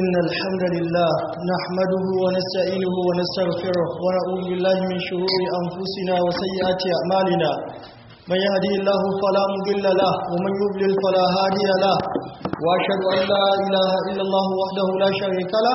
إن الحمد لله نحمده ونستعينه ونستغفره ونعوذ بالله من شرور أنفسنا وسيئات أعمالنا من يهدي الله فلا مضل له ومن يضلل فلا هادي له وأشهد أن لا إله إلا الله وحده لا شريك له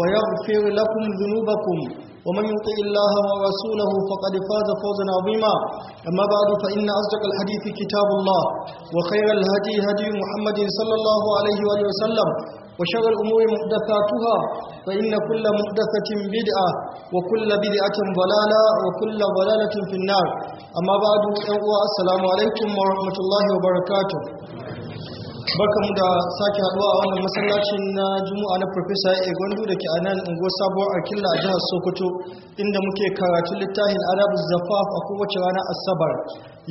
ويغفر لكم ذنوبكم ومن يطع الله ورسوله فقد فاز فوزا عظيما أما بعد فإن أصدق الحديث كتاب الله وخير الهدي هدي محمد صلى الله عليه وآله وسلم وشر الأمور محدثاتها فإن كل محدثة بدعة وكل بدعة ضلالة وكل ضلالة في النار أما بعد السلام عليكم ورحمة الله وبركاته barkamu da sake haduwa a wannan masallacin na juma'a na profesa egondu da ke a nan unguwar sabuwar akilla a jihar sokoto inda muke karatu littafin arabu zafaf a kowace rana asabar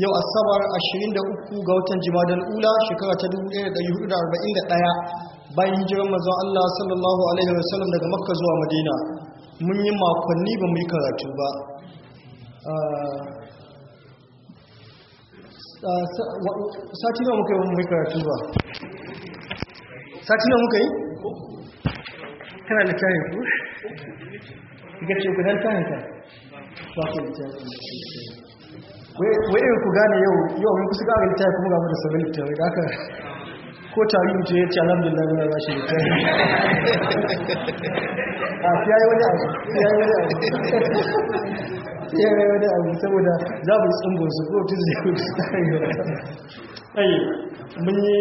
yau asabar 23 ga watan jimadan ula shekara ta 1441 bayan hijirar mazo allah sallallahu alaihi wasallam daga makka zuwa madina mun yi makonni ba mu yi karatu ba ah, sati nawa muka yi wani karatu ba sati muka yi kana da tayin ku gace ku dan tayin ka ba ku da tayin wai ku gane yau yau mun kusa ga tayin kuma ga da sabon da aka ko tari mutum ya ce alhamdulillah muna ba shi da tayin a fiye wani abu fiye wani abu ya yi wani abu saboda za mu tsungun su ko tun zai kudu ai mun yi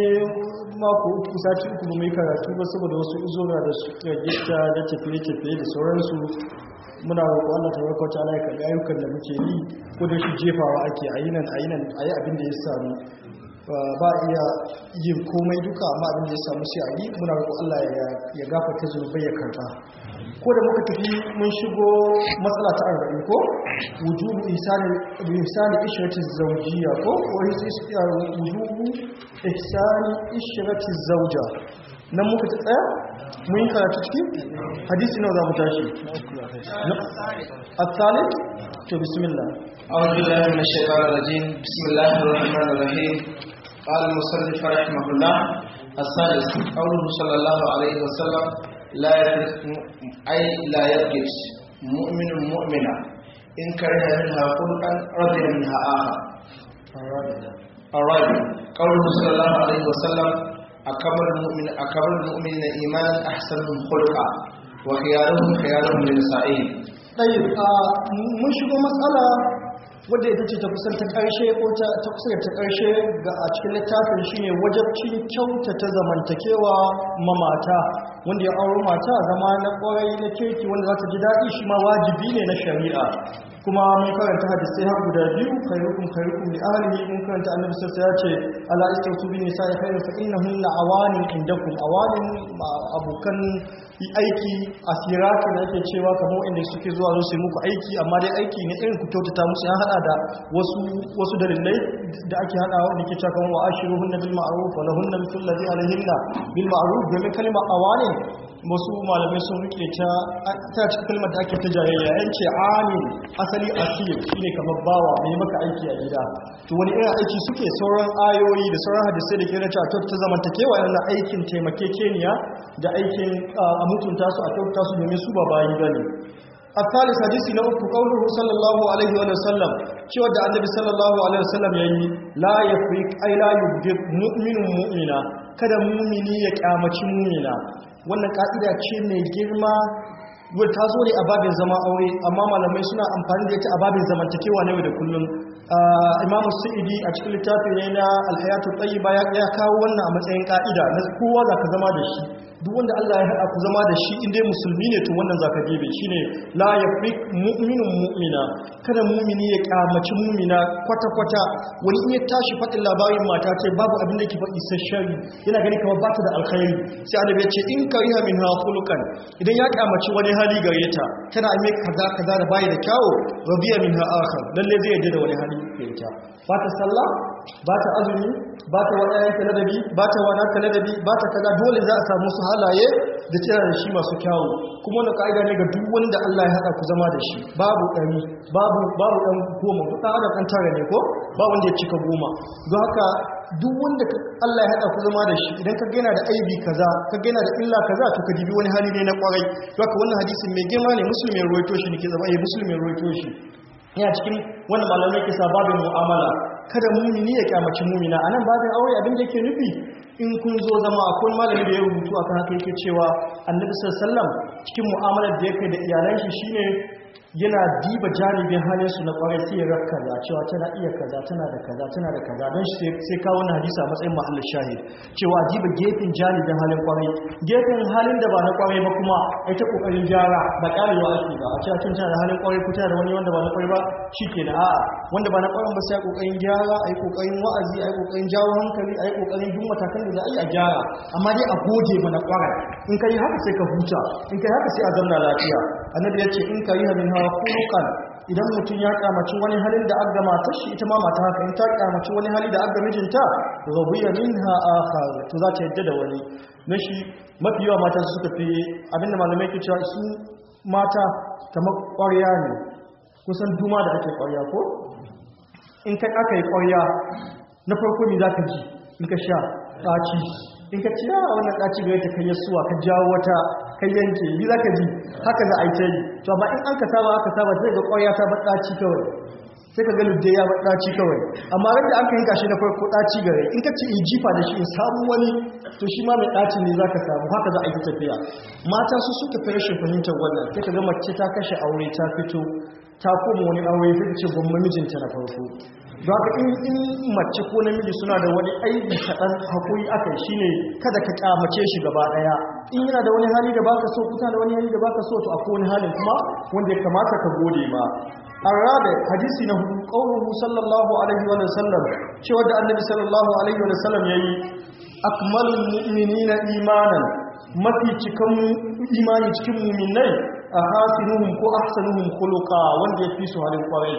mako uku sati uku mai karatu ba saboda wasu izora da su gita da tafiye-tafiye da sauransu muna roƙo Allah ta roƙo ta Allah ya karɓi ayyukan da muke yi ko da shi jefawa ake a yi nan a yi nan a yi abin da ya samu ba iya yin komai duka amma abin da ya samu sai a yi muna roƙo Allah ya gafarta zunubai ya karɓa ko da muka tafi mun shigo matsala ta arba'in ko wujubu ihsani ishrati zawjiya ko ko wujubu ihsani ishrati zauja nan muka ta tsaya mun yi karatu ciki hadisi nawa za mu tashi at-salim to bismillah a'udhu billahi minash shaitanir rajim bismillahir rahmanir rahim qala musannif rahimahullah as-salim qawluhu sallallahu alayhi wa sallam la ai la yaqis mu'minun mu'mina in karha minha qur'an radiya minha aha arabi qawlu sallallahu alaihi wasallam akamar mu'min akamar mu'min iman ahsanuhum khulqa wa khiyaruhum khiyaruhum lisa'in tayyib mun shigo matsala wadda ita ce ta kusan ta ƙarshe ko ta kusan ta ƙarshe ga a cikin littafin shine wajabcin kyautata zamantakewa mamata wanda ya auri mata zama na kwarai na kirki wanda za ta ji daɗi shi ma wajibi ne na shari'a kuma mun karanta hadisi har guda biyu khairukum khairukum li ahlihi mun karanta annabi sallallahu ya ce ala istu bi nisa'i khairu fa la awani indakum awanin abokan aiki a asiratu da ake cewa kamar inda suke zuwa zo su muku aiki amma dai aiki ne irin ku kyautata musu ya hada da wasu wasu dalilai da ake hada da nake cewa kamar wa hunna bil ma'ruf wa lahunna mithlu alladhi alayhinna bil ma'ruf da kalma Awani, wasu malamai sun rike ta ta cikin kalmar da ake ta jayayya yance amin asali asir shine kamar bawa mai maka aiki a gida to wani irin aiki suke sauran ayoyi da sauran hadisai da ke na cewa ta kewa yana aikin keniya da aikin ah, a mutunta su a kyauta su domin su ba bayi bane الثالث sallallahu alaihi wa sallam cewa da annabi sallallahu alaihi wa sallam ya yi la ya fi يفرق la لا يبغض مؤمن mu'mina kada mumini ya kyamaci mumina wannan ka'ida ce mai girma wal ta zo ne a babin zama aure amma malamai suna amfani da ita a babin zamantakewa na da kullum ah, imamu idi a cikin littafi ne na alhayatu tsayi ba ya kawo wannan a matsayin ka'ida na kowa za ka zama da shi duk wanda Allah ya haɗa ku zama da shi inda musulmi ne tun wannan zaka gebe ne la fi muminin mu'mina kada mu'mini ya kamaci mu'mina kwata kwata wani iya tashi faɗin labarin mata ce babu abin da ke faɗi sai shari yana gani kamar ba ta da alkhairi sai annabi ya ce in kariha min haqulukan idan ya kyamaci wani hali gare ta tana mai kaza kaza da bayi da kyawu rabiya min ha'akhar lalle zai yadda da wani hali gare ta ba ta sallah ba ta azumi ba ta wani na ladabi ba ta wani na ladabi ba ta kaza dole za a samu su halaye da da shi masu kyawu kuma wani ka'ida ne ga duk wanda Allah ya haɗa ku zama da shi babu ɗari babu babu ɗan goma duk ɗan adam ɗan tara ne ko ba wanda ya cika goma don haka duk wanda Allah ya haɗa ku zama da shi idan ka gaina da aibi kaza ka gaina da illa kaza to ka dibi wani hali ne na kwarai don haka wannan hadisin mai girma ne musulmin ruwaito shi ne ke zama eh musulmin ruwaito shi yana cikin wannan malamai kisa babin mu'amala kada mumini ya kyamaci mumina anan babin aure abin da yake nufi in kun zo zama akwai malami da ya rubutu akan haka yake cewa annabi sallallahu cikin mu'amalar da yake da iyalan shi shine yana diba janibin halin su na kwarai sai ya da cewa tana iya kaza tana da kaza tana da kaza don shi sai kawo na hadisa a matsayin mahallin shahid cewa diba gefen janibin halin kwarai gefen halin da ba na kwarai ba kuma ita kokarin gyara ba karewa ake ba a cewa tana da halin kwarai ko tana da wani wanda ba na kwarai ba Shi ke da a'a wanda ba na kwarai ba sai kokarin gyara ai kokarin wa'azi ai kokarin jawo hankali ai kokarin duk matakan da za a yi a gyara amma dai a goge mana kwarai in kai haka sai ka huta in kai haka sai a zauna lafiya annabi ya ce in kai hamin khuluqan idan mutum ya kamaci wani halin da aga matar shi ita ma mata haka in ta kamaci wani hali da aga mijinta rabiya minha akhar to za ta yadda da wani na shi mafi yawa mata suka fi abinda malamai ke cewa su mata ta ƙwarya ne kusan duma da ake ƙwarya ko in ka aka yi ƙwarya na farko ne za ka ji in ka sha ɗaci in ka ci yawa ah, wannan ɗaci gare ta kai suwa ka jawo wata kai yanke bi zaka ji haka za a yi to amma in an ka saba aka saba sai ga ƙwarya ta baɗaci kawai sai ka ga ludde ya baɗaci kawai amma ran da aka yi kashi na farko ɗaci gare in ka ci in jifa da shi in samu wani to shi ma mai ɗaci ne zaka samu haka za a yi tafiya mata su suka fi rashin fahimtar wannan sai ka ga mace ta kashe aure ta fito ta koma wani aure fi ce gwamma mijinta na farko ba ka in mace ko namiji suna da wani aiki kaɗan haƙuri aka shi ne, kada ka ƙamace shi gaba ɗaya in yana da wani hali da ba ka so kuta da wani hali da ba ka so to a kowane halin kuma wanda ya kamata ka gode ba. An arabe hadisi na hudu ƙaunar sallallahu alaihi wa sallam cewa da annabi sallallahu alaihi wa sallam ya yayi akmalul mu'minina imanan mafi cikan imani cikin mu'minai ahasinuhum ko ahsanuhum khuluqa wanda ya fi su halin kwarai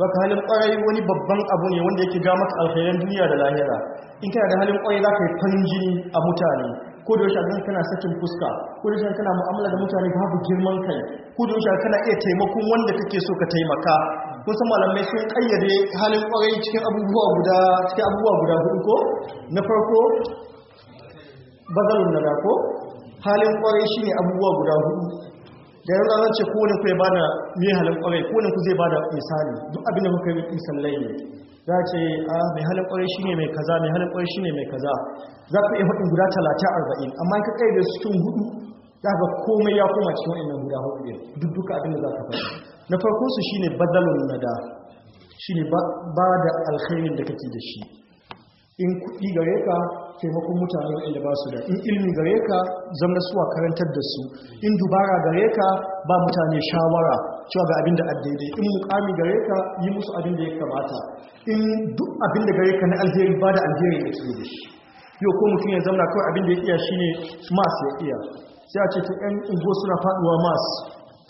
baka halin kwarai wani babban abu ne wanda yake ga maka alkhairan duniya da lahira in kana da halin kwarai zaka yi farin jini a mutane ko da yaushe kana sakin fuska ko da yaushe kana mu'amala da mutane babu girman kai ko da yaushe kana iya taimakon wanda kake so ka taimaka kusan malamai sun kayyade halin kwarai cikin abubuwa guda cikin abubuwa guda hudu ko na farko bazalun nada ko halin kwarai shine abubuwa guda hudu da yan ce ko ku ya ba da mai halin kwarai ko ku zai ba da misali duk abin da kuka yi isan layi za ce a ah, mai halin kwarai shine mai kaza mai halin kwarai shine mai kaza za ku iya faɗin guda talatin arba'in amma in ka kai da cikin hudu za ka komai ya koma cikin wa'annan guda hudu ɗin duk duka abin da za ka faɗi na farko su shine badalun nada shine ba da alkhairin da kake da shi in kuɗi gare ka taimakon mutane waɗanda ba su da in ilmi gare ka zama suwa karantar da su in dubara gare ka ba mutane shawara cewa ga abin da addaidai in mukami gare ka yi musu abin da ya kamata in duk abin da gare ka na alheri ba da alheri ya ke da shi yau ko mutum ya zama kawai abin da ya iya shine mas ya iya sai a ce ta yan ungo suna faduwa mas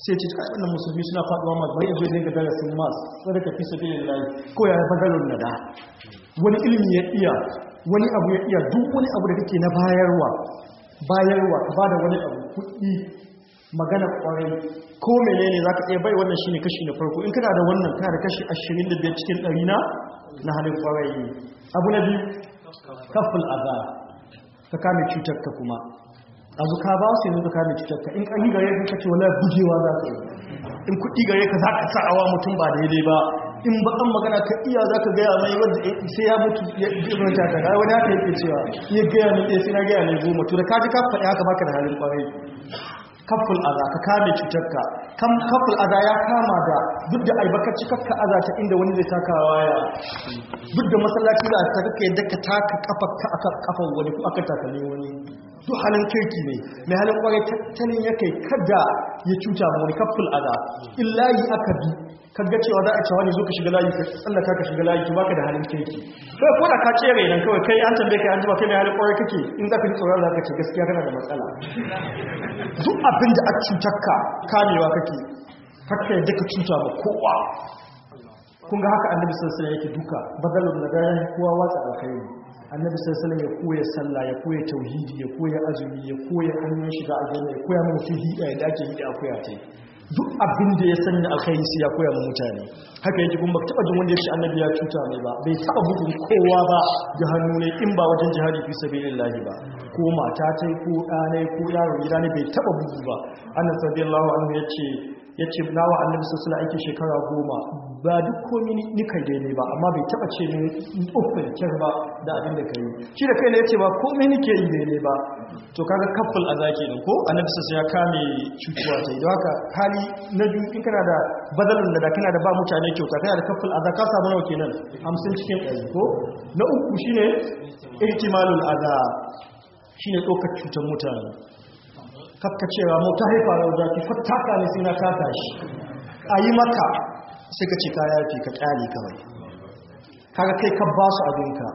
sai ce kai wannan musulmi suna faduwa mas bari yanzu zai ga darasin mas ka fi sabilillah ko ya fa galon nada wani ilimi ya iya wani abu ya iya duk wani abu da kake na bayarwa bayarwa ba da wani abu kuɗi magana kwarai ko menene zaka iya bai wannan shine kashi na farko in kana da wannan kana da kashi 25 cikin 100 na na halin kwarai abu na biyu kafin aza ka kame cutar ka kuma abu ka ba su yanzu ka kame cutar ka in ƙarfi gare ka kace wallahi bugewa za ka yi in kuɗi gare ka za ka sa awa mutum ba daidai ba in bakan magana ka iya za ka gaya mai wadda sai ya mutu ya ta ta wani haka yake cewa ya gaya mai eh, ɗaya gaya mai goma da ka ji ka faɗi haka baka da halin ƙwarai kaful aza ka kame cutarka kan kaful aza ya kama da duk da albarkaci kafka aza ta inda wani zai taka waya duk da masallaci za ta kake yadda ka taka ka aka kafa wani ko aka taka ne wani su halin kirki ne mai halin kwarai tattalin ya kai kada ya cuta ma wani kaful aza illahi aka bi kaga cewa za a cewa ne zo ka shiga layi ka tsallaka ka shiga layi ba baka da halin kirki kai ko da ka ce rai nan kawai kai an tambaye kai an ba kai mai halin kwarai kake in za ka ji tsoron za ka ce gaskiya kana da matsala duk abin da a cutarka kamewa kake kakka yadda ka cuta ba kowa kun ga haka annabi sallallahu yake duka da nagara kowa watsa alkhairi annabi sallallahu ya koya sallah ya koya tauhidi ya koya azumi ya koya hanyar shiga aljanna ya koya mana fihi da ake yi da akuya ce duk abin da ya sanya alkhairi sai ya koya ma mutane haka yake kuma taba jin wanda ya ce annabi ya cuta ne ba bai taba bugun kowa ba ga hannu ne in ba wajen jihadi fi sabilillahi ba ko mata tai ko ɗanai ko yaro gida ne bai taba bugu ba annabi sallallahu alaihi wasallam yace yace nawa annabi sallallahu alaihi wasallam shekara goma ba duk komi nika ne ba amma bai taba ce min uffin kyar ba da abin da ka shi da kai ne ya ba komi nike yi ne ba to kaga kaffal a zaki ne ko annabi sassa ya kame cutuwa ta idan haka hali na biyu in kana da badalin da kana da ba mutane kyauta kana da kaffal a zaka samu nawa kenan hamsin cikin ɗari ko na uku shine ihtimalul adha shine ɗaukar cutar mutane kafka cewa mu ta haifa rawa zaki ne sai na kata shi a maka sai ka ce ka yafe ka kyale kawai kaga kai ka ba su abinka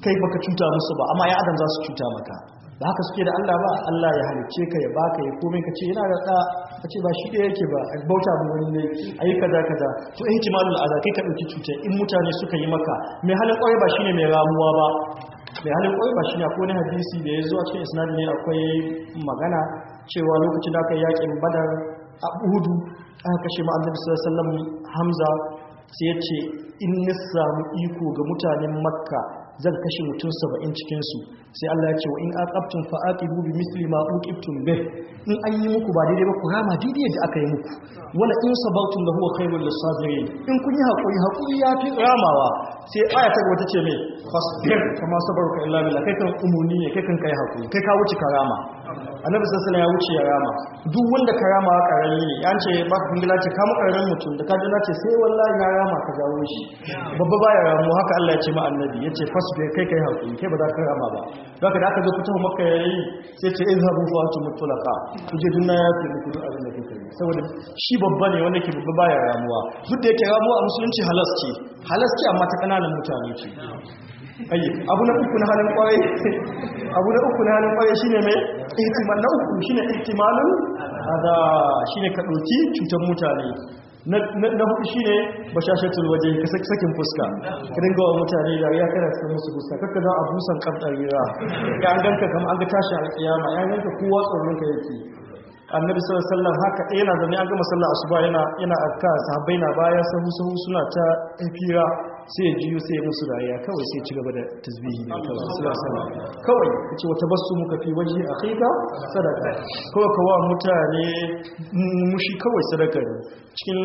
kai baka cuta musu ba amma ya adam za su cuta maka ba haka suke da Allah ba Allah ya halicce ka ya baka ya komai ka ce yana da ɗa ka ce ba shi da yake ba a bauta mu wani ne a yi kaza kaza to in kimalul aza kai ka ɗauki cuta in mutane suka yi maka mai halin ƙwai ba shine mai ramuwa ba mai halin ƙwai ba shine akwai hadisi da ya zo a cikin isnadi ne akwai magana cewa lokacin da aka yi yaƙin badar a uhudu aka kashe ma sallallahu hamza sai ya ce in na samu iko ga mutanen makka zan kashe mutum saba'in cikinsu sai Allah ya ce wa in aqabtum fa aqibu bi misli ma uqibtum bih in an yi muku ba daidai ba ku rama daidai yadda aka yi muku wala in sabartum lahu khairul lisabirin in kun yi hakuri hakuri ya fi ramawa sai aya wata ce me fasbir kama sabaruka illa billah kai kan umuni ne kai kan kai hakuri kai ka wuce karama annabi sassana ya wuce ya rama duk wanda ka rama a karami ne an ce ba kun gila ce kama karamin mutum da kajin ce sai wallahi ya rama ka shi babba ya ramu haka Allah ce ma annabi ya fas su da kai kai hankali kai ba za ka rama ba ka da aka zo fito maka yi sai ce izhabu fa mutulaka mutlaqa je duna ya fi muku duk abin da kuka saboda shi babba ne wanda ke babba baya ramuwa duk da yake ramuwa a musulunci halas ce halas ce amma ta kananan mutane ce ayi abu na uku na halin kwarai abu na uku na halin kwarai shine mai ihtimal na uku shine ihtimalun ada shine ka dauki cutar mutane na hudu shi ne bashashatul waje ka sakin fuska ka dinga wa mutane da ya kana cikin musu fuska kakka za a busan kamtar rira ga an ganka kama an ga tashi a kiyama ya ganka kowa tsoron ka yake annabi sallallahu alaihi wasallam haka yana zane an gama sallar asuba yana yana akka sahabbai na baya sahu sahu suna ta fira sai ya jiyo sai ya musu rayuwa kawai sai ci gaba da tasbihi ne kawai ya sama kawai ya ce wata basu muka fi waje a kai ka sadaka kawai kawa mutane mushi kawai sadaka ne cikin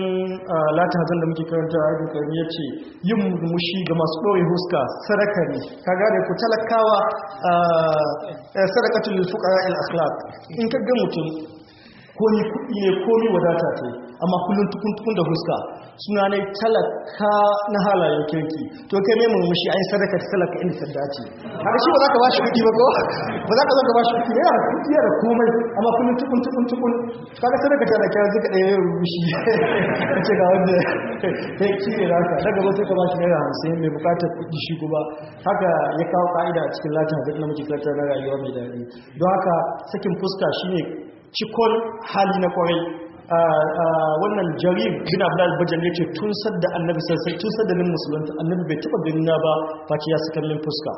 latin hazan da muke karanta a yi karni ya ce yin mushi ga masu ɗaure huska sadaka ne ka gane ku talakawa sadakatul lufuka al akhlaq in ka ga mutum ko ni kuɗi ne ko ni wadata ce amma kullum tukun-tukun da huska suna ne talaka na halayen kirki to kai ne murmushi an sadaka ta talaka inda sadda ce har shi ba za ka ba shi kuɗi ba ko ba za ka zo ka ba shi kuɗi ne da kuɗi komai amma kullum tukun-tukun-tukun sadaka ta da kyar zika ɗaya murmushi ka ce ga wanda ta ki ne za ka daga wata ka ba shi naira hamsin mai bukatar kuɗi shi ba, haka ya kawo ka'ida a cikin latin hazard na muke na rayuwa mai daɗi don haka sakin fuska shine cikon hali na kwarai wannan jarir bin abdal bajan ce tun sadda annabi sai tun sadda nan musulunta annabi bai taba ganina ba face ya saka min fuska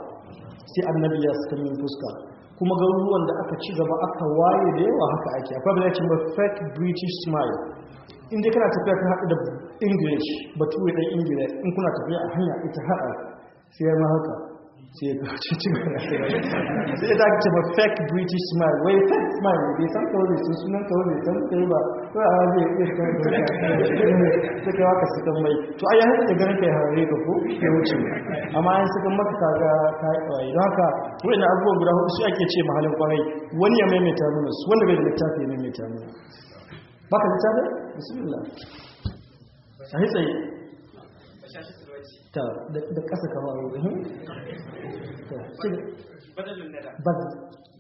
sai annabi ya saka min fuska kuma garuruwan da aka ci gaba aka waye da yawa haka ake akwai da yake fake british smile in dai kana tafiya ka haɗu da english bature ɗan ingila in kuna tafiya a hanya ita haɗa sai ma haka sai ya kawace ce ba fake british smile wai fake smile san sun sunan kawai bai san kai ba a zai iya kan ka suka mai to a yayin da ganin kai harare wuce amma an suka maka haka wani abubuwan guda hudu su ake ce mahalin kwarai wani ya maimaita mana su wanda bai da littafi ya maimaita a ta da ƙasa بدل الندى بدل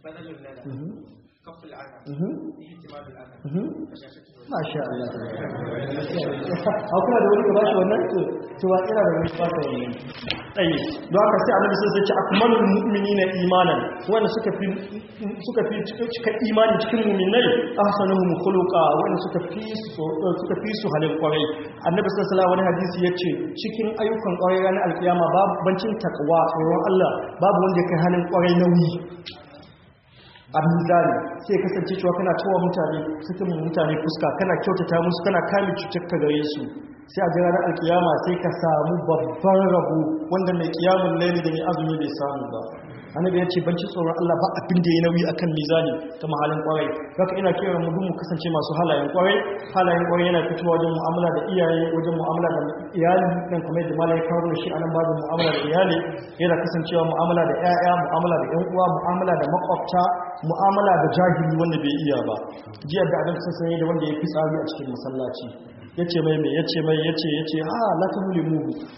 بدل الندى كف العدم احتمال العدم masha Allah a kuna da wani ka bashi wannan to to wa ina da wani ba ka wannan tsaye don haka sai annabi sai ce akmalul mu'minina imanan wanda suka fi suka fi imani cikin mu'minai ahsanuhum khuluqa mu kuluka, fi suka fi su halin kwarai annabi sun alaihi wani hadisi ya ce, cikin ayyukan kwarai ranar alkiyama babu bancin takwa tsoron Allah babu wanda ya kai halin kwarai nauyi a mizani sai kasance cewa kana cewa mutane sukan mutane fuska kana kyautata musu kana kame cutar ka gare su sai a jira alkiyama sai ka samu babban rabo wanda mai kiyamun laili da mai azumi bai samu ba annabi ya ce ban ci tsoron Allah ba abin da ya nauyi akan mizani ta mahalin kwarai haka ina kiran mu mu kasance masu halayen kwarai halayen kwarai yana fitowa wajen mu'amala da iyaye wajen mu'amala da iyali dan kuma da malai kawo shi anan babu mu'amala da iyali yana kasancewa mu'amala da ƴaƴa mu'amala da ƴan uwa mu'amala da makwabta mu'amala da jahili wanda bai iya ba jiya da adam sassan da wanda ya fi tsari a cikin masallaci ya ce mai mai ya ce mai ya ce ya ce a ah, latin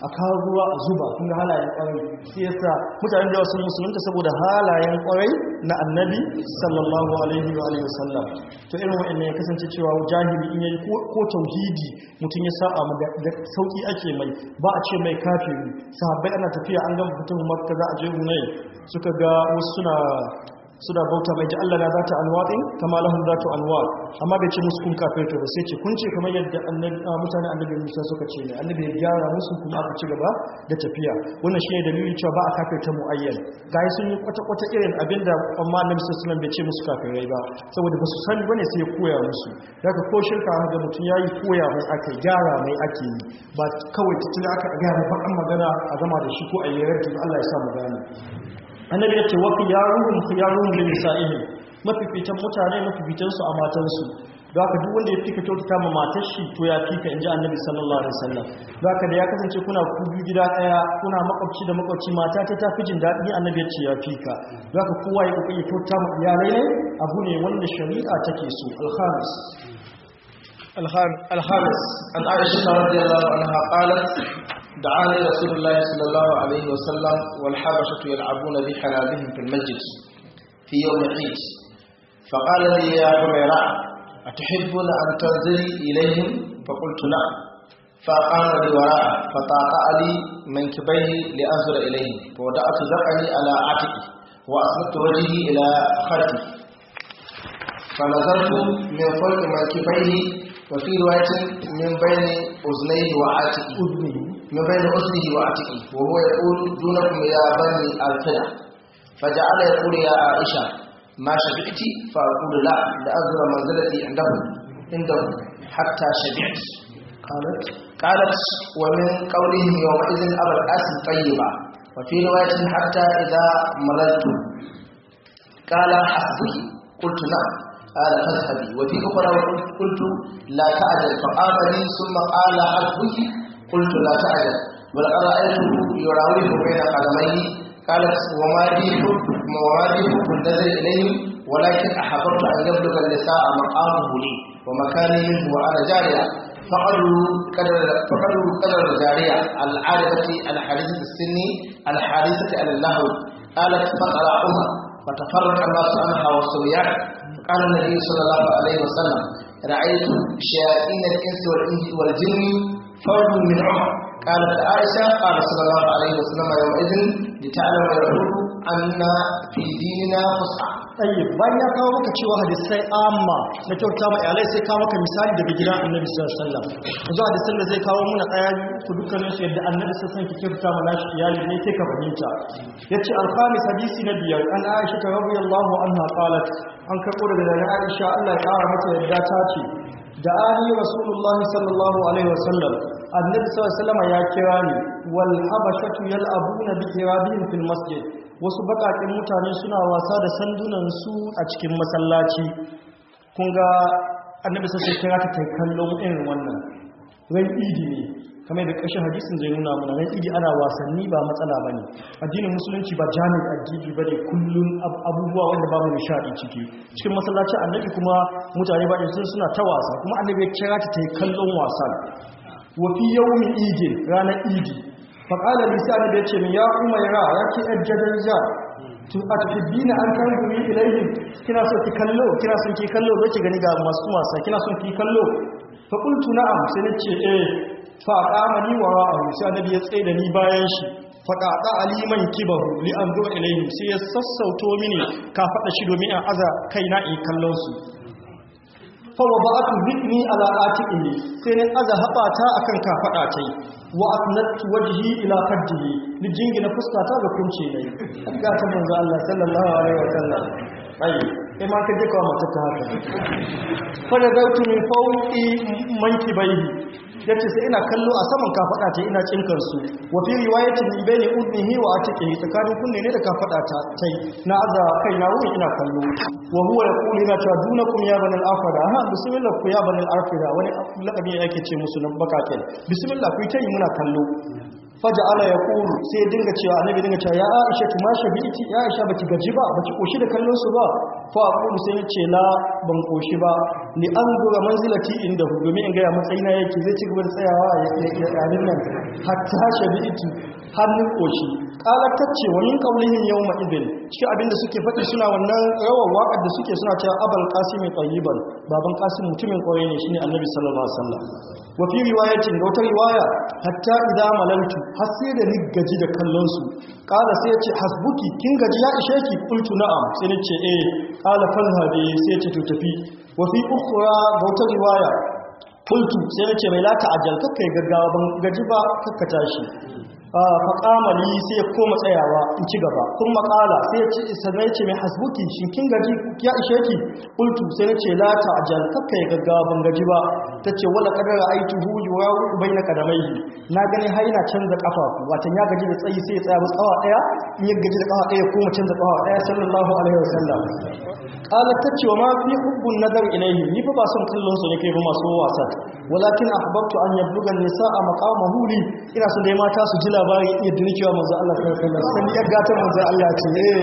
a kawo ruwa a zuba kun halayen kwarai sai yasa mutanen da wasu musulunta ita saboda halayen kwarai na annabi sallallahu alaihi wa alihi wasallam to irin wa'annan ya kasance cewa jahili in yayi ko tauhidi mutum ya sa'a mu da sauki ake mai ba a ce mai kafiri sahabbai ana tafiya an gama mutum makka za a je hunai suka ga wasu suna suna bauta mai Allah na zata alwaɗin kama lahun zata alwaɗ amma bai ce musu kun kafirta ba sai ce kun ce kamar yadda mutane annabi musa suka ce ne annabi ya gyara musu kuma aka ci gaba da tafiya wannan shi ne dalilin cewa ba a ta mu'ayyan ga sun yi kwata-kwata irin abin da amma annabi sunan bai ce musu kafin rai ba saboda ba su sani ne sai ya koya musu daga ko shirka ga mutum yayi koya mai aka gyara mai ake yi ba kawai tun aka gyara ba an magana a zama da shi ko a yi Allah ya sa mu gane annabi ya ce wa khiyaruhum khiyaruhum li nisa'ihim mafificin mutane mafificin su a matansu don haka duk wanda ya fika kyautata ma matar shi to ya fika inji annabi sallallahu alaihi wasallam don haka da ya kasance kuna ku biyu gida daya kuna makwabci da makwabci mata ta tafi jin daɗi annabi ya ce ya fika don haka kowa ya kokari kyautata ma iyalai ne abu ne wanda shari'a take so alhamis الخامس عن عائشة رضي الله عنها قالت دعا لي رسول الله صلى الله عليه وسلم والحبشة يلعبون بحلالهم في المسجد في يوم عيد فقال لي يا حميرة أتحبون أن تنزلي إليهم فقلت نعم فقام لي وراء فطاطا لي منكبيه لأنظر إليهم فوضعت ذقني على عاتقي وأسندت وجهي إلى خلفي فنظرت من فوق منكبيه وفي رواية من بين أذنيه وعاتقه من بين أذنه وعاتقه وهو يقول دونكم يا بني القرى فجعل يقول يا عائشة ما شبعت فأقول لا لأزر منزلتي عنده عنده حتى شبعت قالت قالت ومن قولهم يومئذ أبا القاسم طيبا وفي رواية حتى إذا مللت قال حسبه قلت نعم قال فاذهبي وفي أخرى قلت لا تعجل فقابلي لي ثم قال حبك قلت لا تعجل ولقد رأيته يراوغ بين قدميه قالت وما لي حب وما اليه إليهم ولكن أحببت أن يبلغ النساء مقامه لي ومكاني منه وأنا جارية فقدروا قدر فقدروا قدر الجارية العارفة الحارثة السني الحارثة على اللهو قالت فقرأ عمر فتفرق الناس عنها والصبيان فقال النبي صلى الله عليه وسلم رأيت شياطين الإنس والجن فرد من عمر قالت عائشة قال صلى الله عليه وسلم يومئذ لتعلم العلو أن في ديننا فسحة tsaye bayan ya kawo maka cewa hadisai amma na kyauta ma iyalai sai kawo maka misali daga gidan annabi sallallahu alaihi wasallam yanzu hadisan da zai kawo muna daya ku dukkanin su yadda annabi sallallahu alaihi wasallam ke kyauta ma nashi iyali ne sai ka fahimta yace al-khamis hadisi na biyar an aisha radiyallahu anha qalat an karbo daga aisha Allah ya kara mata yadda ta ce da ali rasulullahi sallallahu alaihi wasallam annabi sallallahu alaihi wasallam ya kira ni wal yal'abuna bi irabihim fil masjid wasu bakakin mutane suna wasa da sandunan su a cikin masallaci kun ga annabi sai kira ta kai kallon irin wannan ran idi ne kamar da ƙarshen hadisin zai nuna mana ran idi ana wasanni ba matsala ba ne addinin musulunci ba jami'in addini ba ne kullum abubuwa wanda ba mu nishaɗi ciki cikin masallaci annabi kuma mutane ba sun suna ta wasa kuma annabi ya kira ta ta kallon wasa wafi yau idin ranar idi faƙala lisa da ya ce min ya umaira ya ke ajjadar ja a tafi na an kan gumi ilayhim kina so ki kallo kina son ki kallo zo ki gani ga masu wasa kina son ki kallo fa qultu na'am sai na ce eh fa qamani wa ra'ahu sai annabi ya tsaye da ni bayan shi fa qada aliman kibahu li anzura ilayhim sai ya sassauto mini ka faɗa shi domin in aza kaina in kallon su fawa ba aku zikni ala atiki ne sai ne aza haɓa ta a kan kafaɗa ta yi wa asnatu wajhi ila kaddihi ni jingina fuska ta ga kunce ne ga ta manzo Allah sallallahu alaihi wa sallam ai in ma ka jika mata ta haka fada zautu min fauki manki bai ya ce sai ina kallo a saman kafaɗa ta ina cinkar su wafi riwayatin bai ne a cikin yi tsakanin kunne ne da kafaɗa ta tai na aza kai na wuri ina kallo wa huwa yaqulu na cewa kuma ya banal afada ha bismillah ku ya banal afada wani lakabi yake ce musu nan bakaken bismillah ku yi ta muna kallo faja ala ya kuru sai dinga cewa annabi dinga cewa ya aisha ki ma ya aisha baki gaji ba baki koshi da kallon su ba fa aqulu sai ce la ban koshi ba Ni an gura manzilati inda domin in gaya matsayi na yake zai ci gaba da tsayawa a yakin nan hatta iti hannun koshi qalat ce wani min yau yawma idin cikin abinda suke faɗi suna wannan rawar waƙar da suke suna cewa abal mai tayyiban baban qasim mutumin kwarai ne shine annabi sallallahu alaihi wasallam wa fi riwayatin da wata riwaya hatta idza malaltu har sai da gaji da kallon su kala sai ya ce hasbuki kin gaji ya ki kultu na'am sai ni da ya sai ce tutafi tafi ukura bauta riwaya kultu sai ce mai laka ajal jalkakai gaggawa ban gaji ba kakka tashi faƙama ni sai ya koma tsayawa in ci gaba kun maƙala sai ya ce ce mai hasbuki shi kin gaji ya ishe ki kultu sai na ce lata a jihar kakka ya gaggawa ban gaji ba ta ce wala kadara aiki huyu wa bai na kadamai na gani har yana canza kafa watan ya gaji da tsayi sai ya tsaya musu kawa ɗaya in ya gaji da ƙafa ɗaya koma canza ƙafa ɗaya sallallahu alaihi wa sallam ƙalar ta ce wa ma fi hubbun nazar ilaihi ni fa ba son kallon su ne kai ba masu wasa walakin ahbabtu an yablugan nisa'a maqama huli ina son dai mata su jila labarin yadda nake wa manzo Allah sallallahu alaihi wasallam sai gata manzo Allah ce eh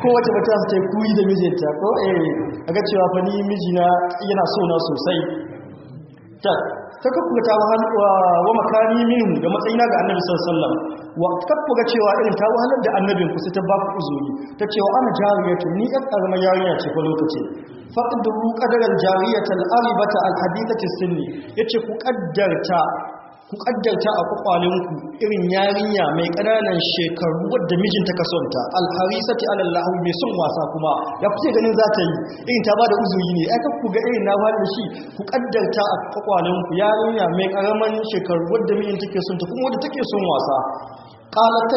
ko wace mata ta yi kuyi da mijinta ko eh ga cewa fa ni mijina yana so na sosai ta ta kakkuta wa makani minhu da matsayina ga annabi sallallahu alaihi wasallam wa kakku ga cewa irin ta wahalar da annabin ku sai ta ba ku uzuri ta ce wa ana jariyatu ni yar karma jariya ce ko lokaci faqdu qadaran jariyatan alibata alhadithati sunni yace ku kaddarta ku ƙaddarta a kwakwalinku irin yarinya mai ƙananan shekaru wadda mijinta ka sonta alharisati alallahu mai son wasa kuma ya fi ganin za ta yi irin ta ba da uzuri ne aka ku ga irin na da shi ku ƙaddarta a kwakwalinku yarinya mai ƙaraman shekaru wadda mijinta ke sonta kuma wadda take son wasa qalat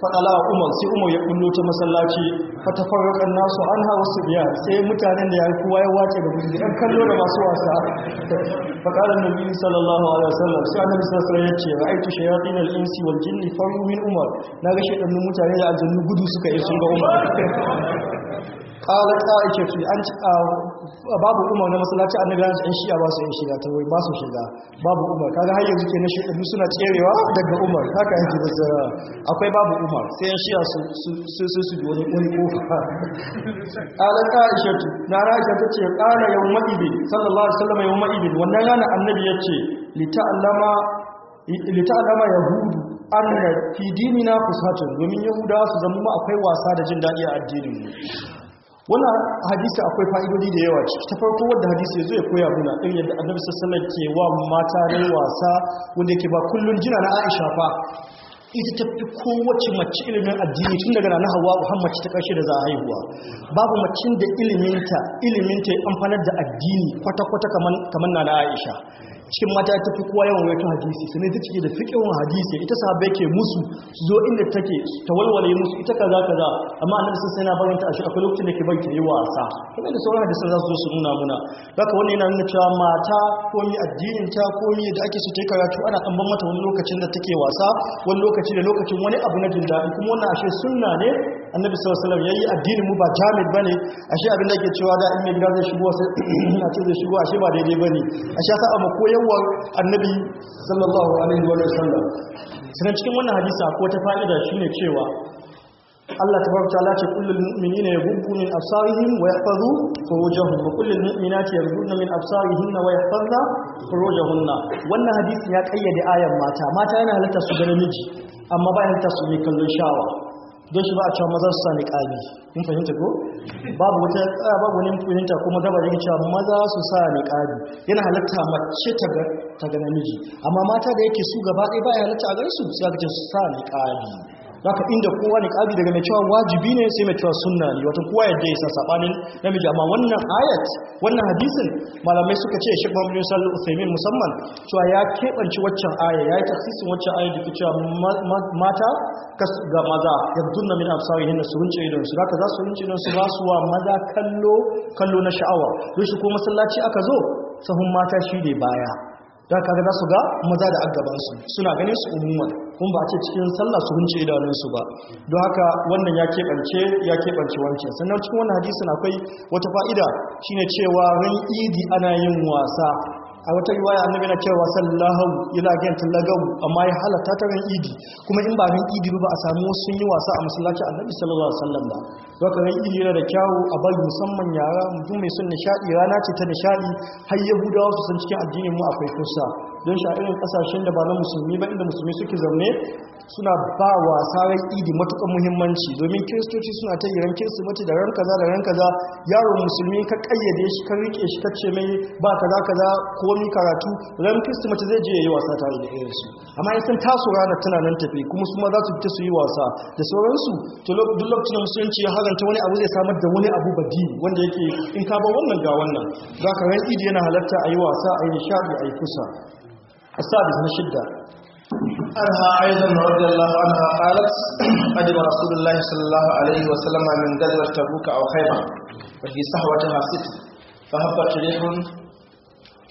faɗala a umar sai umar ya kullo ta masallaci fa tafarraqan nasu anha su biya sai mutanen da ya yi kowa ya wace da gudu an kallo da masu wasa fa qala annabi sallallahu alaihi wasallam sai annabi sallallahu alaihi wasallam yace ra'aytu shayatin al-insi wal jinni faru min umar naga shedannin mutane da aljannu gudu suka yi sun ga umar kala ka'ike fi an babu umar na masallaci annabi an san shi'a ba su yin shiga ta wai ba su shiga babu umar kaga har yanzu na shi ɗin suna tserewa daga umar haka yake da tsara akwai babu umar sai yan shi'a su su su wani wani kofa kala ka'ike tu na ra'aisha ta ce kala yawma ibn sallallahu alaihi wasallam yawma ibn wannan rana annabi yace lita'allama lita'allama yahudu anna fi dinina fushatun domin yahudawa su zama akwai wasa da jin daɗi a addininmu wannan hadisi akwai fa'idodi da yawa ciki ta farko wadda hadisi ya zo ya koya muna ɗin yadda annabi sassanar ke wa mata ne wasa wanda yake ba kullum jina na aisha fa ita ta fi kowace mace ilimin addini tun daga ranar hawa muhammad ta ƙarshe da za a haihuwa babu macin da iliminta iliminta ya amfanar da addini kwata-kwata kamar na aisha cikin mata ta fi kowa yawan wato hadisi sai ta cike da wani hadisi ita sahabbai ke musu su zo inda take ta walwale musu ita kaza kaza amma annabi sun sai na bayan ta ashe akwai lokacin da ke bayyana yi wasa kuma da sauran hadisan za su zo su nuna muna haka wani yana nuna cewa mata ko mi addinin ta ko mi da ake su ta karatu ana dan mata wani lokacin da take wasa wani lokaci da lokacin wani abu na jin daɗi kuma wannan ashe sunna ne annabi sallallahu alaihi wasallam addinin mu ba jamil bane ashe abin da yake cewa da in mai gida zai shigo sai ina ce zai shigo ashe ba daidai bane ashe sa amma koyarwar annabi sallallahu alaihi wasallam sanan cikin wannan hadisi akwai wata fa'ida shine cewa Allah tabaraka ta'ala ce kullul mu'minina yaghuddu min absarihim wa yahfazu furujahum wa kullul mu'minati yaghudduna min absarihinna wa yahfazna furujahunna wannan hadisi ya kayyade ayan mata mata yana halatta su ga namiji amma ba halatta su ne kallon shawa don shi ba a cewa maza su sani ƙari, kun fahimta ko babu wata babu wani fahimta kuma gaba yin cewa maza su sani ƙari, yana halatta mace ta ga namiji amma mata da yake su gaba ɗaya ba ya halatta a gaisu su sai aka ce su sani ƙari. zaka inda kowa ne kabi daga mai cewa wajibi ne sai mai cewa sunna ne wato kowa yadda ya san sabanin namiji amma wannan ayat wannan hadisin malamai suka ce shi ba mun sallu usaimin musamman cewa ya kebanci waccan aya ya yi tafsirin waccan aya da ke cewa mata ga maza yabdunna min absawihin su rince idon su zaka za su rince idon su su wa maza kallo na sha'awa don shi ko masallaci aka zo sahun mata shi ne baya da kaga za su ga maza da agabansu suna ganin su umuman kuma ba ce cikin sallah su hunce idanunsu ba don haka wannan ya keɓance ya keɓance wancan sannan cikin wannan hadisin akwai wata fa'ida shine cewa ran idi ana yin wasa a wata riwaya annabi na cewa lahau ila gantin lagawu amma ya halatta ta ran idi kuma in ba ran idi ba a sami wasu sun yi wasa a masallacin annabi sallallahu alaihi wasallam ba doka ran idi yana da kyawu a bari musamman yara mutum mai son nishadi rana ce ta nishadi har yahudawa su san cikin addinin mu akwai kusa don shi irin kasashen da ba na musulmi ba inda musulmi suke zaune suna ba wa sarar idi matukan muhimmanci domin kiristoci suna ta yiran kirsimati da ran kaza da ran kaza yaron musulmi ka kayyade shi ka rike shi ce mai ba kaza kaza komi karatu ran kirsimati zai je yi wasa tare da irin su amma in sun taso ranar tana nan tafi kuma su ma za su fita su yi wasa da sauransu to duk lokacin da musulunci ya haranta wani abu zai samar da wani abu badi wanda yake in ka ba wannan ga wannan za ka ran idi yana halarta a yi wasa a yi nishaɗi a yi kusa السادس na shidda. عنها أيضا رضي الله عنها قالت قدم رسول الله صلى الله عليه وسلم من قدر تبوك أو خيبة وفي صحوتها ست فهبت ريح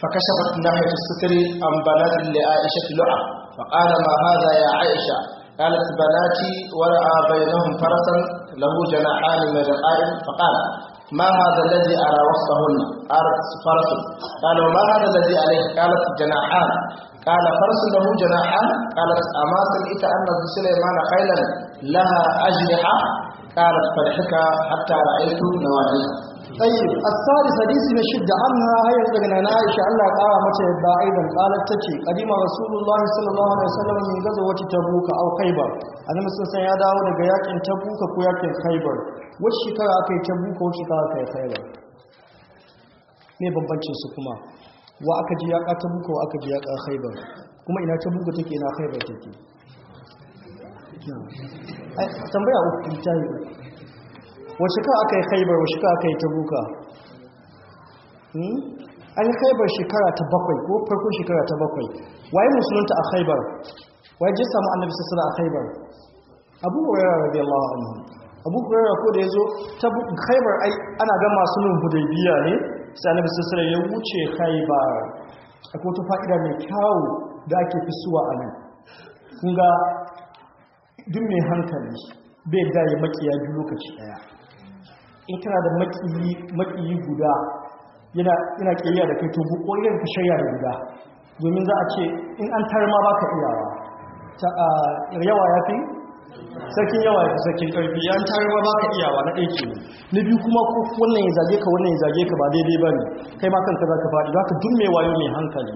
فكشفت ناحية الستر عن بنات لعائشة لعب فقال ما هذا يا عائشة قالت بناتي ورأى بينهم فرسا له جناحان من الآئل فقال ما هذا الذي أرى وصفهن قالت فرس قال وما هذا الذي عليه قالت جناحان قال فرسله جناحا قالت أما سمعت أن سليمان خيلا لها أجنحة قالت فضحك حتى رأيت نواجذ طيب الثالث حديث من شدة عنها هي من عائشة الله قال متى أيضا قالت تكي قديم رسول الله صلى الله عليه وسلم من غزوة تبوك أو خيبر أنا مثل سيا داود غياك إن تبوك كوياك خيبر وش شكرا أكي تبوك وش شكرا أكي خيبر me bambancin su kuma wa aka ji yaƙa ta buka wa aka ji yaƙa haibar kuma ina ta buka take ina haibar take tambaya uku ta yi wasu ka aka yi haibar wasu ka aka yi ta buka hmm? an yi haibar shekara ta bakwai ko farkon shekara ta bakwai waye musulunta a haibar waye je samu annabi sassara a haibar abu hurairah radiyallahu anhu abu hurairah ko da ya zo ta haibar ai ana ga masu nun hudaybiya ne sai bisa sarari ya wuce kai ba akwai wata fa'ida mai kyawu da ake fi suwa a nan kun ga duk mai hankali bai da ya makiya biyu lokaci daya in tana da makiyi guda yana da kai tobu ko yin shayya da guda domin za a ce in an tarma ka iyawa ta ah, yawa fi. sarkin yawa ya fi sarkin karfi yan tarewa ba ka iyawa na ɗaiki na biyu kuma ko wannan ya zage ka wannan ya zage ka ba daidai ba ne kai ma kanka za ka faɗi za ka dun mai wayo mai hankali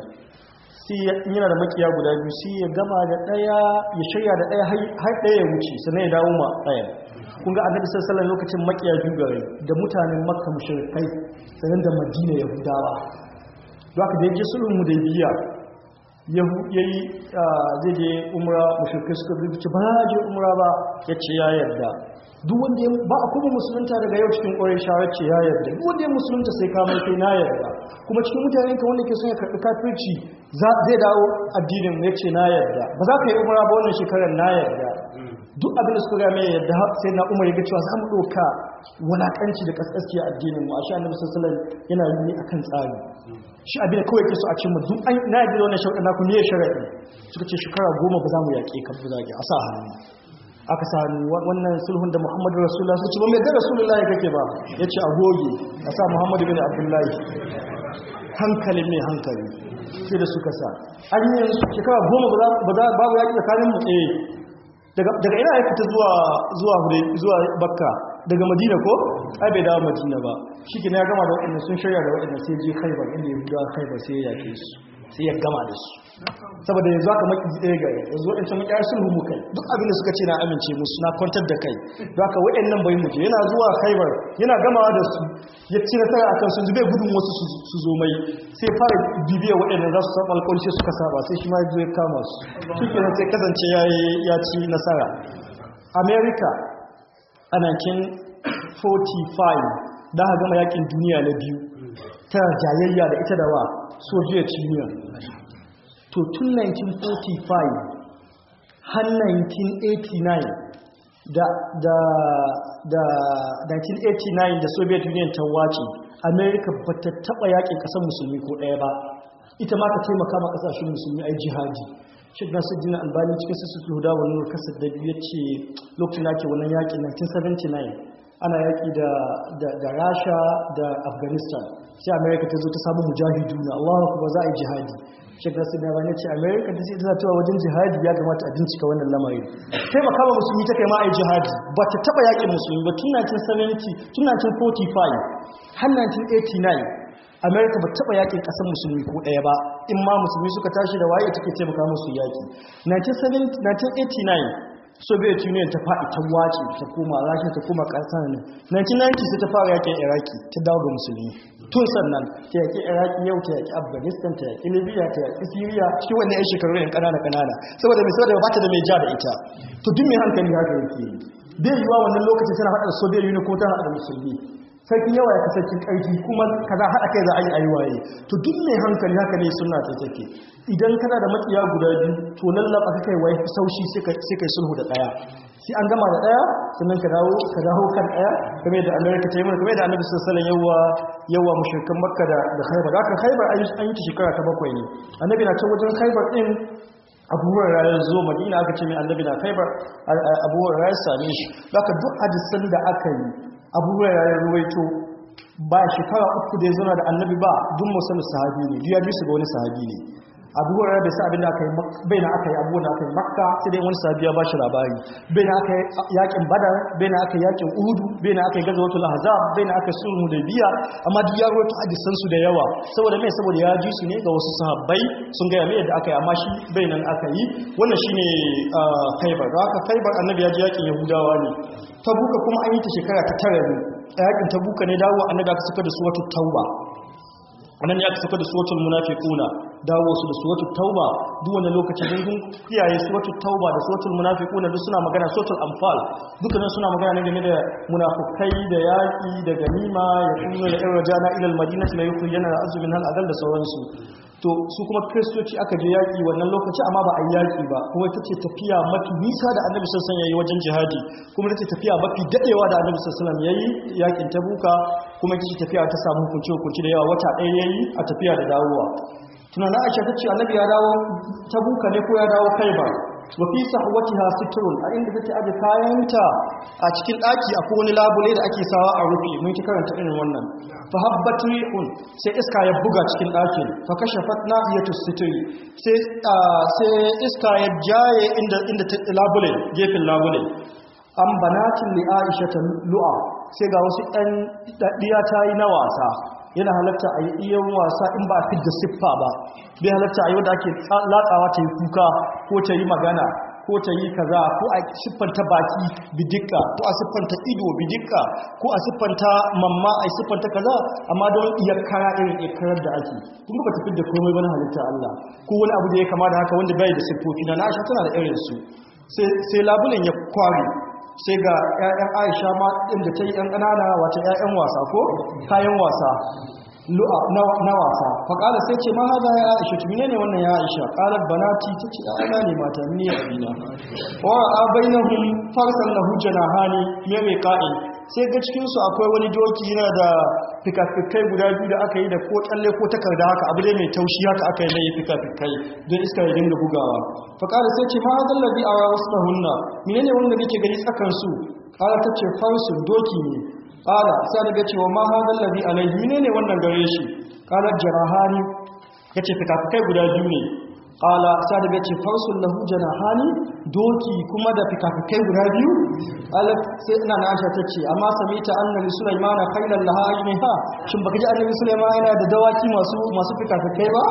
sai yana da makiya guda biyu sai ya gama da ɗaya ya shirya da ɗaya har ɗaya ya wuce sannan ya dawo ma ɗaya kun ga annabi sallallahu lokacin makiya biyu gare da mutanen makka mushrikai sannan da madina yahudawa za ka da yake sulhun hudaybiya ya yi zai je umra mashirkai suka ce ba ya je umra ba ya ce ya yarda duk wanda ya ba a kuma musulunta daga yau cikin ƙwarai shawar ce ya yarda duk wanda ya musulunta sai kamar kai na yarda kuma cikin mutanen ka wanda ke son ya karɓi kafirci zai dawo addinin ya ce na yarda ba za ka yi umra ba wannan shekarar na yarda duk abin da suka ga mai yadda sai na umar ya cewa za mu ɗauka wulaƙanci da ƙasƙaski a addinin mu a sha annabi sallallahu yana yi akan tsari shi abin da kawai ke so a ce mutum an na yi da shi shauɗin kuma ne shari'a suka ce shekara goma ba za mu yaƙe ka ba za a sa hannu aka sa hannu wannan sulhun da muhammadu rasulullah su ci ba mai da rasulullah ya kake ba ya ce a goge a sa muhammadu bin abdullahi hankali mai hankali sai da suka sa an yi shekara goma ba za babu yaƙi tsakanin mu eh. daga ina ya fita zuwa zuwa bakka daga madina ko ai bai dawo madina ba shi ya gama da waɗanda sun shirya da waɗanda sai je khaibar inda ya buga khaibar sai ya yake su sai ya gama da su saboda yanzu aka maki ɗaya gare yanzu waɗancan mun ƙyar sulhu kai duk abin da suka ce na amince musu na kwantar da kai don haka waɗannan bai muje yana zuwa khaibar yana gamawa da su ya ci nasara akan su bai gudun wasu su zo mai sai fara bibiyar waɗanda za su san alƙawari sai suka saba sai shi ma ya zo ya kama su shi sai kasance ya ci nasara america A 1945 45 da gama yakin duniya na biyu ta jayayya da ita da wa soviet union to tun 1945 har 1989 da, da, da 1989 da soviet union ta wace america ba ta taba yakin kasar musulmi ko daya ba ita ma ta taimaka ma kasashen musulmi ai jihadi shek nasiruddin albani cikin su huda wani kasar da biyu ya ce lokacin ake wannan yaki 1979 ana yaki da rasha da afghanistan sai amerika ta zo ta samu mujahidu na allahu kuma za a yi jihadi shek nasir na bane ce amerika ta sai tana cewa wajen jihadi ya kamata a bincika wannan lamari taimaka ma musulmi ta kai ma a yi jihadi ba ta taɓa yakin musulmi ba tun 1970 tun 1945 har 1989 amerika ba taba yakin kasar musulmi ko daya ba in ma musulmi suka tashi da waye take taimaka musu yaki 1989 soviet union ta faɗi ta wace ta koma rashin ta koma kasar ne 1990 sai ta fara yakin iraki ta dawo ga musulmi tun sannan ta yaki iraki yau ta yaki afghanistan ta yaki libya ta yaki syria cikin wannan yan shekaru ne ƙanana ƙanana saboda mai saboda ba ta da mai ja da ita to duk mai hankali haka yake bai yiwa wannan lokacin tana hada da soviet union ko ta hada musulmi Sarki yawa ya fi ƙarfi kuma ka za haɗa kai za a yi ayiwaye to duk mai hankali haka ne suna ta take idan kana da matsiya guda biyu to lallaba ka kai waye saushi sai kai sulhu da ɗaya sai an gama da ɗaya sannan ka dawo ka dawo kan ɗaya game da amerika ta yi mana game da annabi sallallahu yawa yawa mushrikan makka da da khaibar haka khaibar an yi ta shekara ta bakwai ne annabi na ta wajen khaibar din abubuwan rayar zo madina aka ce mai annabi na khaibar abubuwan rayar same shi zaka duk hadisan da aka yi abubuwa ya yi ruwaito ba shekara uku da ya zana da annabi ba dun musamman sahabi ne biya bisu ga wani sahabi ne abu hurairar bai sa abin da aka yi bai na aka yi abu da aka yi makka sai dai wani sabiya ba shi labari bai na aka yi yakin badar bai na aka yi yakin uhudu bai na aka yi gazawatul lahazab bai na aka yi sulhu da biya amma duk ya ruwaito hadisan su da yawa saboda mai saboda ya ji su ne ga wasu sahabbai sun gaya mai yadda aka yi amma shi bai nan aka yi wannan ne ah, kaibar da aka kaibar annabi ya ji yakin yahudawa ne ta buka kuma an yi ta shekara ta tara ne a yakin buka ne dawo annabi aka saka da wata tauba annabi aka suka da suwatul munafiquna dawo su da suratul tauba duk wani lokacin da kun kiyaye suratul tauba da suratul munafiquna duk suna magana suratul anfal dukkanin suna magana ne game da munafukai da yaki da ganima ya kuma ya irjana ila almadinati la yukhrijana azmin hal adal da sauransu to su kuma kristoci aka je yaƙi wannan lokaci amma ba a yi yaƙi ba kuma ita ce tafiya mafi nisa da annabi sassan ya yi wajen jihadi kuma ita ce tafiya mafi daɗewa da annabi sassan ya yi yaƙin tabuka kuma ita ce tafiya ta samu hukunci hukunci da yawa wata ɗaya yayi a tafiya da dawowa tunanin aisha ta ce annabi ya dawo ta buka ne ko ya dawo kai ba wa fi ha sitrun a inda take aje kayanta a cikin daki akwai wani labule da ake sawa a rufe mun ki karanta irin wannan fa habbat rihun sai iska ya buga cikin dakin fa kashafat nafiyatu sitri sai sai iska ya jaye inda inda labule gefen labule an banatin li aisha lu'a sai ga wasu ɗan ɗaɗɗiya ta yi na wasa yana halatta a yi iyan wasa in ba a fidda siffa ba bai halatta a yi wadda ake latsawa ta yi kuka ko ta yi magana ko ta yi kaza ko a siffanta baki bidikka ko a siffanta ido bidikka ko a siffanta mamma a siffanta kaza amma don iya kara irin ikarar da ake kun ba ta da komai na halitta Allah ko wani abu da ya kama da haka wanda bai da siffofi na na tana da irin su sai labulen ya kware sai ga 'ya'yan aisha ma inda ta yi 'yan ƙanana wata 'ya'yan wasa ko kayan wasa na wasa faƙala sai ce ma ya aisha tu ne wannan ya aisha ƙalar banati ta ce ana ne mata ni ya abina wa a bainahum farsan na janahani ya mai ƙa'in sai ga cikinsu akwai wani doki yana da fikafikai guda biyu da aka yi da ko tsalle ko takarda haka abu dai mai taushi haka aka yi mai fikafikai don iska ya dinga bugawa fakara sai ce ma zallabi a wasu da hunna menene wanda nake gani tsakansu kala ta ce farsu doki ne kala sai daga cewa ma ha a alaihi menene wannan gare shi kala jarahani ya ce fikafikai guda biyu ne qala sa'ad bai ce farsul lahu janahani doki kuma da fikafikai guda biyu alif sai ina na Aisha tace amma samita annabi Sulaiman khailan laha ajmiha shin baka ji annabi Sulaiman yana da dawaki masu masu fikafikai ba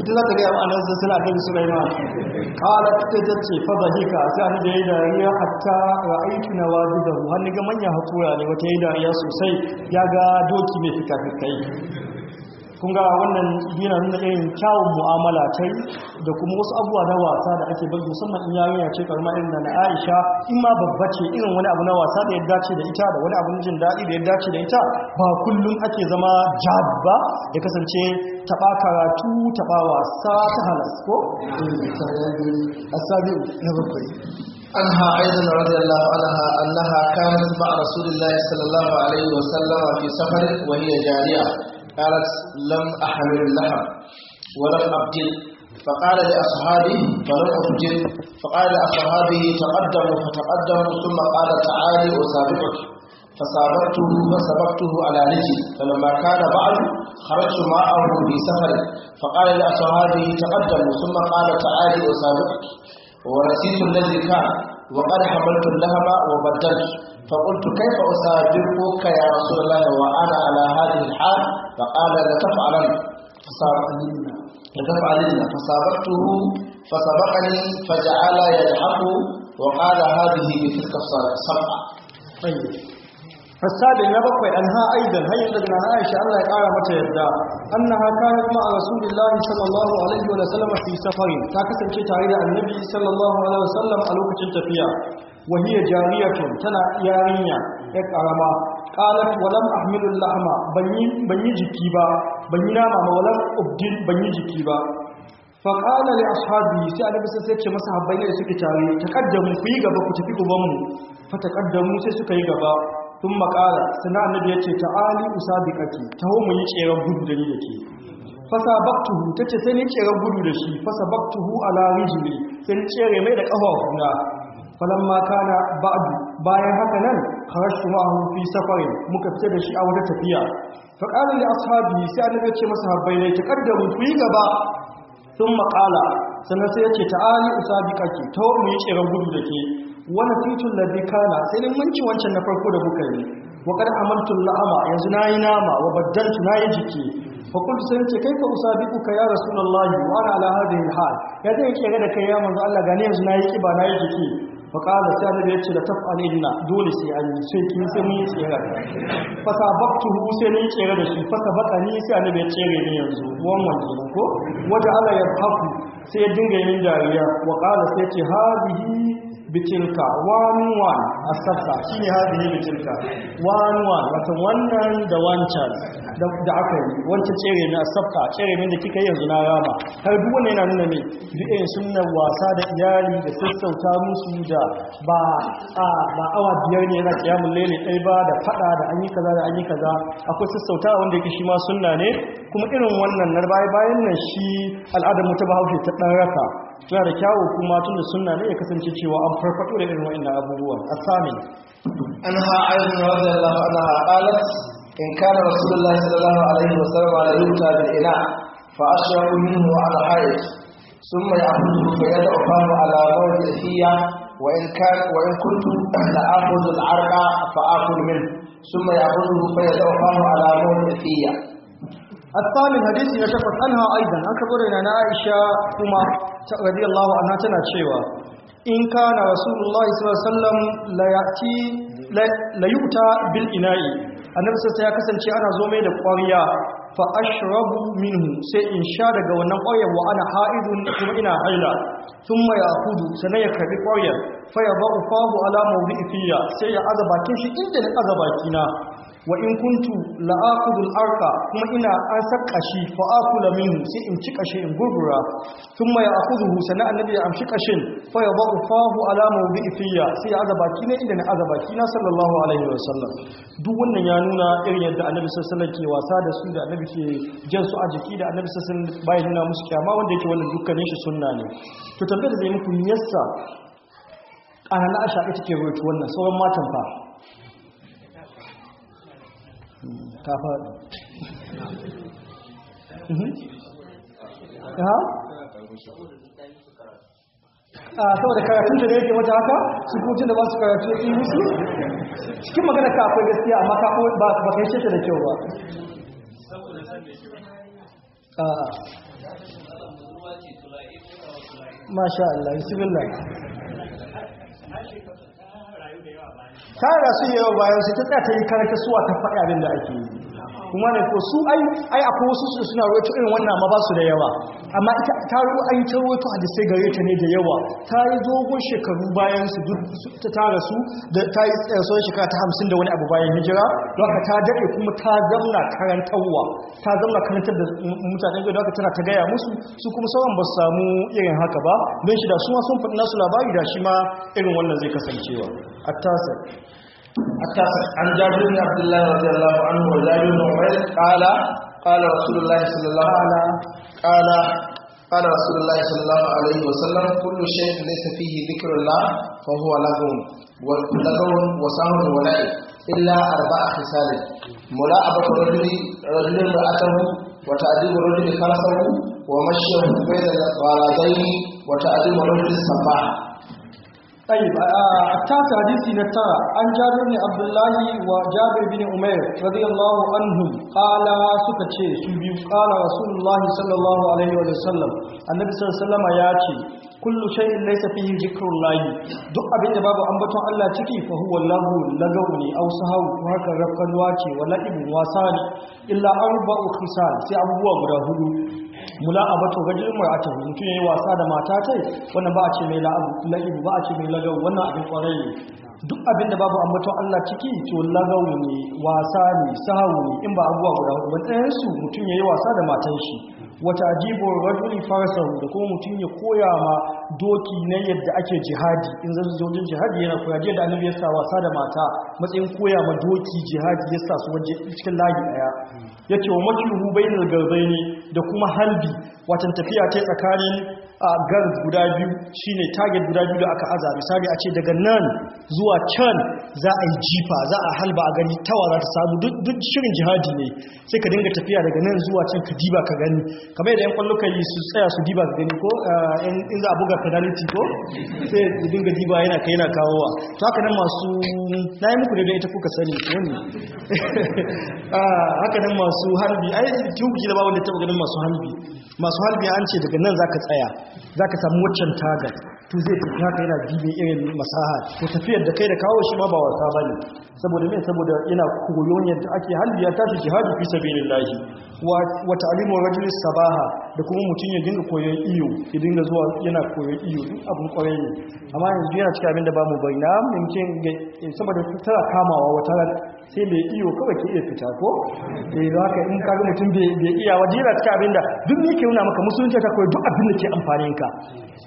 ita za ta ga amma annabi suna annabi Sulaiman ƙala ta tace fa bahika sai annabi yayi dariya hatta ra'aytu nawadidahu hanni ga manya hakura ne wata yi dariya sosai ya ga doki mai fikafikai kun ga wannan yana nuna irin kyawun mu'amala ta yi da kuma wasu abuwa na wasa da ake bari musamman in ya ce karma irin da na Aisha in ma babba ce irin wani abu na wasa da ya dace da ita da wani abun jin daɗi da ya dace da ita ba kullum ake zama jabba ba ya kasance taɓa karatu taɓa wasa ta halas ko? na bakwai أيضا رضي الله عنها أنها كانت مع رسول الله صلى الله عليه وسلم في سفر وهي جارية قالت لم أحمل اللحم ولم ابجل فقال لأصحابه فلم ابجل فقال لأصحابه تقدموا فتقدموا ثم قال تعالي أسابقك فسابقته فسبقته على رجلي فلما كان بعد خرجت معه في سفر فقال لأصحابه تقدموا ثم قال تعالي أسابقك ونسيت الذي كان وقد حملت اللهم وبدلت فقلت كيف أصادقك يا رسول الله وأنا على هذه الحال فقال لتفعلن لتفعلن فسابقته فسبقني فجعل يلحق وقال هذه بتلك سبعة طيب فالسابع نبقى أنها أيضا هي لنا عائشة الله يقال متى يبدأ أنها كانت مع رسول الله صلى الله عليه وسلم في سفر تاكسا شيء تعيد النبي صلى الله عليه وسلم ألوك تلتفيا وهي جارية تنا يارينيا يكرما قالت ولم أحمل اللحم بني بني جكيبا بني ناما ولم أبدل بني جكيبا فقال لأصحابه سأل بس سيكش مسحب بين يسكي تاري تقدموا في غبا كتفي غبامو فتقدموا سيسكي غبا ثم قال سنا النبي يتي تعالي أسابقك تهو من يتعير غد دني لكي fasabaktuhu tace sai ni tsere gudu da shi fasabaktuhu ala rijli sai ni tsere falamma kana ba'du bayan haka nan kharashtu ma'ahu fi safarin muka fita da shi a wata tafiya fa qala li ashabi sai annabi ya ce masahabbai ne taqaddamu ku yi gaba sun maƙala sannan sai yace ce ta'ali usabi kake ta mu yi tseren gudu da ke wani titin da bi kana sai dai mun ci wancan na farko da muka yi wa amantu la'ama yanzu nayi nama wa baddantu nayi jiki fa kuntu sai ce kai ka usabi kuka ya rasulullahi wa ana ala hadhihi hal ya zai kira da kai ya manzo Allah ne yanzu nayi kiba nayi jiki faƙala sai annabi ya ce taf'alinna dole sai a yi sai kin sai mun yi tsere fasa baktu hu sai ni tsere da shi fasa baka ni sai annabi ya tsere ni yanzu wan wanke ko wata ala ya haku sai ya dinga yin dariya wa sai ce hadihi bitilka one one a sassa shi ne haɗe bitilka one one wata wannan da wancan da aka yi wancan cere na safka cere min da kika yanzu na rama har duk yana nuna ne bi'in sunnar wasa da iyali da sassauta musu da ba a ba awa biyar ne yana kiyamun lele ɗai ba da faɗa da an yi kaza da an yi kaza akwai sassauta wanda yake shi ma sunna ne kuma irin wannan na bayan nan shi al'adar mu ta bahaushe ta ɗan raka suna da kyawu kuma tun da ne ya kasance cewa an farfaɗo da irin wa'annan abubuwan asami an ha ayyukan radiyallahu anha qalat in kana rasulullahi sallallahu alaihi wasallam ala yuta bil ina fa ashrabu minhu ala hayy ثم يأخذه فيدع فاه على موضعه وإن كان وإن كنت لآخذ العرق فآكل منه ثم يأخذه فيدع فاه على موضعه الثامن حديث يشفت عنها أيضا أنك قرنا عائشة كما radiyallahu anha tana cewa in kana rasulullahi sallallahu alaihi wasallam la yati la yuta bil ina'i annabi sai ya kasance ana zo da ƙwarya fa ashrabu minhu sai in sha daga wannan ƙwaryar wa ana ha'idun kuma ina haila thumma ya'khudhu sannan ya karbi ƙwaryar fa yadhu fahu ala mawdi'i sai ya aza bakin shi inda ne aza bakina wa in kuntu la'akudul arka kuma ina an sakka shi fa akula minhu sai in ci kashe in gurgura Tun thumma ya'khudhu sana annabi ya amshi kashin fa yadhu fahu alamu bi fiya sai ya azaba ne inda na azaba na sallallahu alaihi wa sallam duk wannan ya nuna irin yadda annabi sallallahu ke wasa da su da annabi ke jan su a jiki da annabi sallallahu alaihi bai nuna musu kyama wanda yake wannan dukkanin shi sunna ne to tambayar da zai muku yassa ana na asha ita ke rubuta wannan sauran matan fa ka faɗi mhm. a saboda karatun da yake wata haka su kucin da ba su karatu in musu cikin magana ka akwai gaskiya amma ka ba ka yi da kyau ba masha Allah bismillah ta rasu yawa bayan sai ta tsaya ta yi karanta suwa ta faɗi abin da ake yi kuma ne ko su ai ai akwai wasu su suna rawaito irin wannan amma ba su da yawa amma ita ta ruwa ai ta rawaito sai gare ta ne da yawa ta yi dogon shekaru bayan su duk ta tara su da ta yi tsayasar shekara ta hamsin da wani abu bayan hijira don haka ta daɗe kuma ta zamna karantarwa ta zamna karantar da mutanen gari haka tana ta gaya musu su kuma sauran ba su samu irin haka ba don shi da su ma sun faɗi nasu labari da shi ma irin wannan zai kasancewa a tasir. عن جابر بن عبد الله رضي الله عنه وجابر بن عمر قال قال رسول الله صلى الله عليه قال قال رسول الله صلى الله عليه وسلم كل شيء ليس فيه ذكر الله فهو لغو ولغو وسهو ولعب إلا أربع خصال ملاعبة الرجل رجل امرأته وتأديب الرجل خلفه ومشيه بين الغرضين وتأديب الرجل الصباح طيب التاسع حديث نترى عن جابر بن عبد الله وجابر بن عمير رضي الله عنهم قال سكتشي سبيو قال رسول الله صلى الله عليه وسلم النبي صلى الله عليه وسلم ياتي كل شيء ليس فيه ذكر الله duk abin da babu ambaton Allah ciki fa huwa lahu lagaw ne aw sahaw haka rakkalwa ce wala ibn wasa ne illa arba'u khisal sai abubuwa guda hudu mula'abatu a mar'atan mutum yayi wasa da mata tai wannan ba a ce mai la'abu ba a ce mai lagaw wannan abin kwarai ne duk abin da babu ambaton Allah ciki to lagaw ne wasa ne sahawu ne in ba abuwa guda hudu ba ɗayan su mutum yayi wasa da matan shi wata ajibur rajuli farasahu da kuma mutum ya koya ma doki na yadda ake jihadi in zai wajen jihadi yana koya da annabi ya sa wasa da mata matsayin koya ma doki jihadi ya sa su waje cikin layi daya hmm. yace wa bainar bainal garbaini da kuma halbi watan tafiya ta tsakanin a guard guda biyu shine target guda biyu da aka aza misali a ce daga nan zuwa can za a yi jifa za a halba a gani tawa za ta samu duk shirin jihadi ne sai ka dinga tafiya daga nan zuwa can ka diba ka gani kamar yadda yan kwallo kai yi su tsaya su diba ka gani ko in za a buga penalty ko sai ya dinga diba yana kai yana kawowa to haka nan masu na yi muku da ita kuka sani wani haka nan masu halbi ai tuki da ba wanda taɓa ganin masu halbi masu halbi an ce daga nan za ka tsaya za ka samu waccan tagar to zai tafi haka yana jibe irin masaha Ko tafiyar da kai da kawo shi ma ba wasa ne saboda mai saboda yana koyon yadda ake halbi ya tashi jihadi fi lahi wa ta'limu rajulis sabaha da kuma mutum ya dinga koyon iyo ya dinga zuwa yana koyon iyo duk abin kwarai ne amma yanzu yana cikin abin da ba mu bayyana mumkin saboda tana kamawa wata sai mai iyo kawai ke iya fita ko eh da haka in kaga mutum bai iya wajira cikin abin da duk ne ke nuna maka musulunci ta kawai duk abin da ke amfanin ka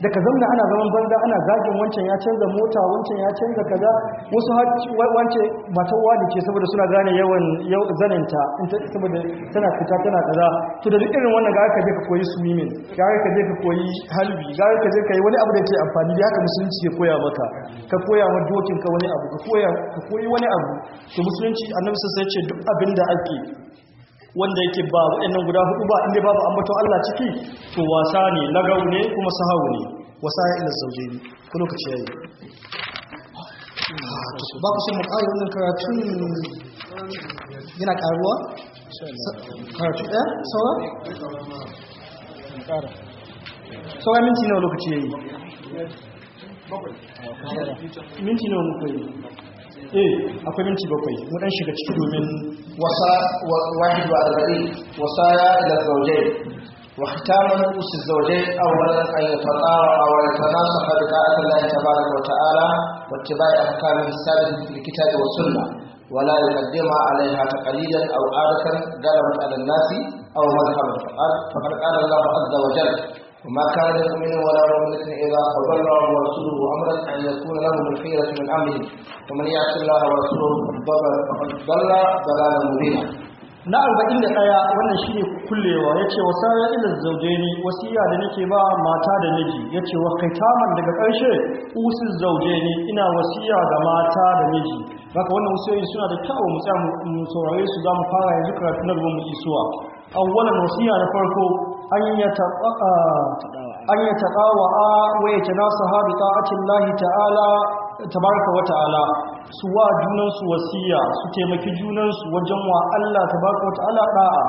da ka zamna ana zaman banza ana zagin wancan ya canza mota wancan ya canza kaza wasu wancan matawa da ke saboda suna gane yawan zaninta saboda tana fita tana kaza to da duk irin wannan ga ka je ka koyi swimming ga ka je ka koyi halbi ga ka je ka yi wani abu da ke amfani da haka musulunci ya koya maka ka koya wa dokin ka wani abu ka koya ka koyi wani abu to musulunci musulunci annabi sai ce duk abin da ake wanda yake ba waɗannan guda hudu ba inda babu ambaton Allah ciki to wasa ne lagau ne kuma sahau ne wasa ya ila sauje ne ko lokaci yayi ah, ba ku son mu wannan karatun yana ƙaruwa karatu ɗaya sauran sauran minti nawa lokaci yayi minti nawa muku eh akwai minti bakwai mu dan shiga ciki domin wasa wahid wa arba'i wasaya ila zawjai wa khitaman usul zawjai awwalan ay tatara aw Allah tabaraka wa ta'ala wa sabit wa sunnah ولا يقدم عليها تقليدا أو عادة غلبت على الناس أو مذهبا فقد الله عز وجل وما كان لكم ولا مؤمنة إذا قضى الله ورسوله أمرت أن يكون لهم الخيرة من أمره ومن يعص الله ورسوله فقد ضل ضلالا مبينا na arba'in da ɗaya wannan shi ne kullewa ya ce wasa ya ilar zauje ne wasiya da nake ba mata da miji ya ce wa Kai taman daga ƙarshe usul zauje ne ina wasiya ga mata da miji baka wannan wasu suna da kyau mu saurare su za mu fara yanzu karatu na ruwan mu isuwa awwalan wasiya na farko an yi taɓawa a waya ta nasa haɗu ta'acin lahi ta'ala tabaraka wa ta'ala su wa junansu wasiya su taimaki junansu wajen wa Allah tabaraka wa ta'ala ɗa'a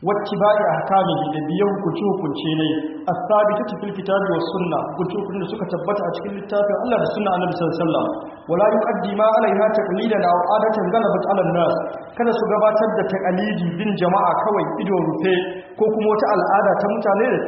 wacce ba ya hakami da biyan hukunci hukunce ne a sabita ta fil kitabi was sunna hukunci hukunci da suka tabbata a cikin littafin Allah da suna annabi sallallahu alaihi wasallam wala yuqaddi ma alaiha taqlidan da adatan galabat ala nas kada su gabatar da taqalidi bin jama'a kawai ido rufe ko kuma wata al'ada ta mutane da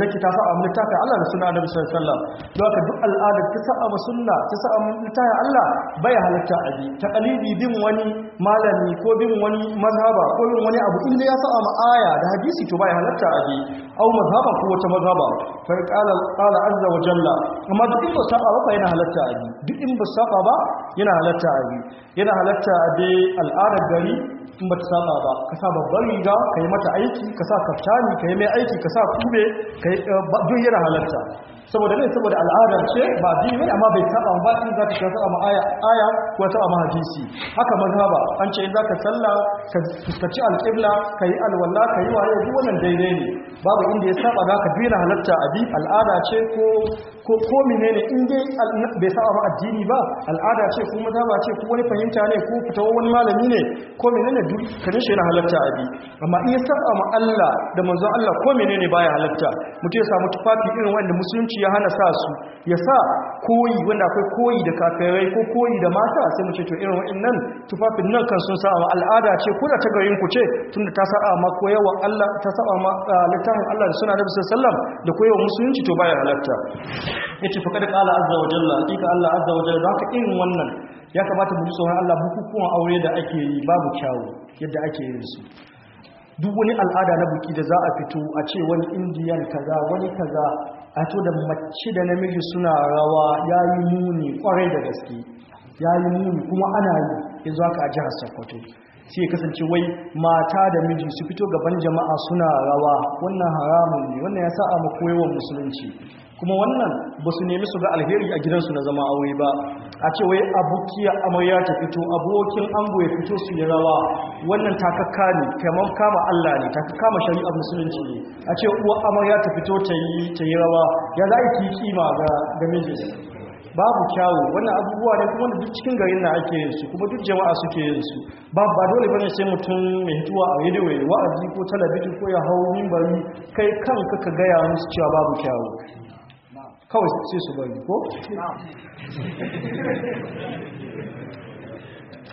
take ta sa'a mun taka Allah da sunna Annabi sallallahu alaihi wasallam don haka duk al'ada ta sa'a mu sunna ta sa'a mun taka Allah bai halatta Ta taqlidi bin wani malami ko bin wani mazhaba ko bin wani abu inda ya sa'a ma aya da hadisi to bai halatta abi au mazhaba ko wata mazhaba fa qala qala azza wa jalla amma duk in ba sa'a ba yana halatta abi duk in ba sa'a ba yana halatta abi yana halatta abi al'ada gari in ba ta saba ba ka sa babbar riga ka yi mata aiki ka sa kaftani ka yi mai aiki ka sa kube eh, duk yana halarta saboda ne saboda al'adar ce ba a ne amma bai taba ba in za ka shafi ma aya aya ko ta ma hadisi haka mazhaba an ce in za ka salla ka fuskaci alqibla ka yi alwala ka yi waye duk wannan daidai ne babu inda ya saba za ka halatta abi al'ada ce ko ko ko menene in dai bai saba ma addini ba al'ada ce ko mazhaba ce ko wani fahimta ne ko fitowa wani malami ne ko menene duk kanin shi na halatta abi amma in ya saba ma Allah da manzon Allah ko menene baya halatta Mutu ya samu tufafi irin wanda musulunci ya hana sa su ya sa koyi wanda akwai koyi da kafirai ko koyi da mata sai mu ce to irin wa'annan tufafin nan kan sun sa al'ada ce ko da ta garin ku ce tunda ta saba ma koyawa Allah ta saba ma ah, littafin Allah da sunan Nabi sallallahu da koyawa musulunci to baya halatta yace fa kada qala azza wa jalla hakika Allah azza wa jalla haka irin wannan ya kamata mu ji sauran Allah bukukuwan aure da ake yi babu kyawu yadda ake yin su duk wani al'ada na buki da za a fito a ce wani indiyan kaza wani kaza a to da mace da namiji suna rawa ya yi muni kwarai da gaske ya yi muni kuma ana yi yanzu haka a jihar sokoto sai ya kasance wai mata da miji su fito gaban jama'a suna rawa wannan haramun ne wannan ya sa mu musulunci kuma wannan ba su nemi su ga alheri a gidansu na zama aure ba a ce wai abokiya amarya ta fito abokin ango ya fito su yi rawa wannan takakka ne kamar kama Allah ne takakka ma shari'ar musulunci ne a ce uwa amarya ta fito ta yi rawa ya za a yi kima ga mijinsa babu kyawu wannan abubuwa ne kuma duk cikin garin na ake yin su kuma duk jama'a suke yin su ba ba dole bane sai mutum mai hituwa a rediyo ya wa'azi ko talabijin ko ya hau mimbari kai kanka ka gaya musu cewa babu kyawu kawai sai su bari ko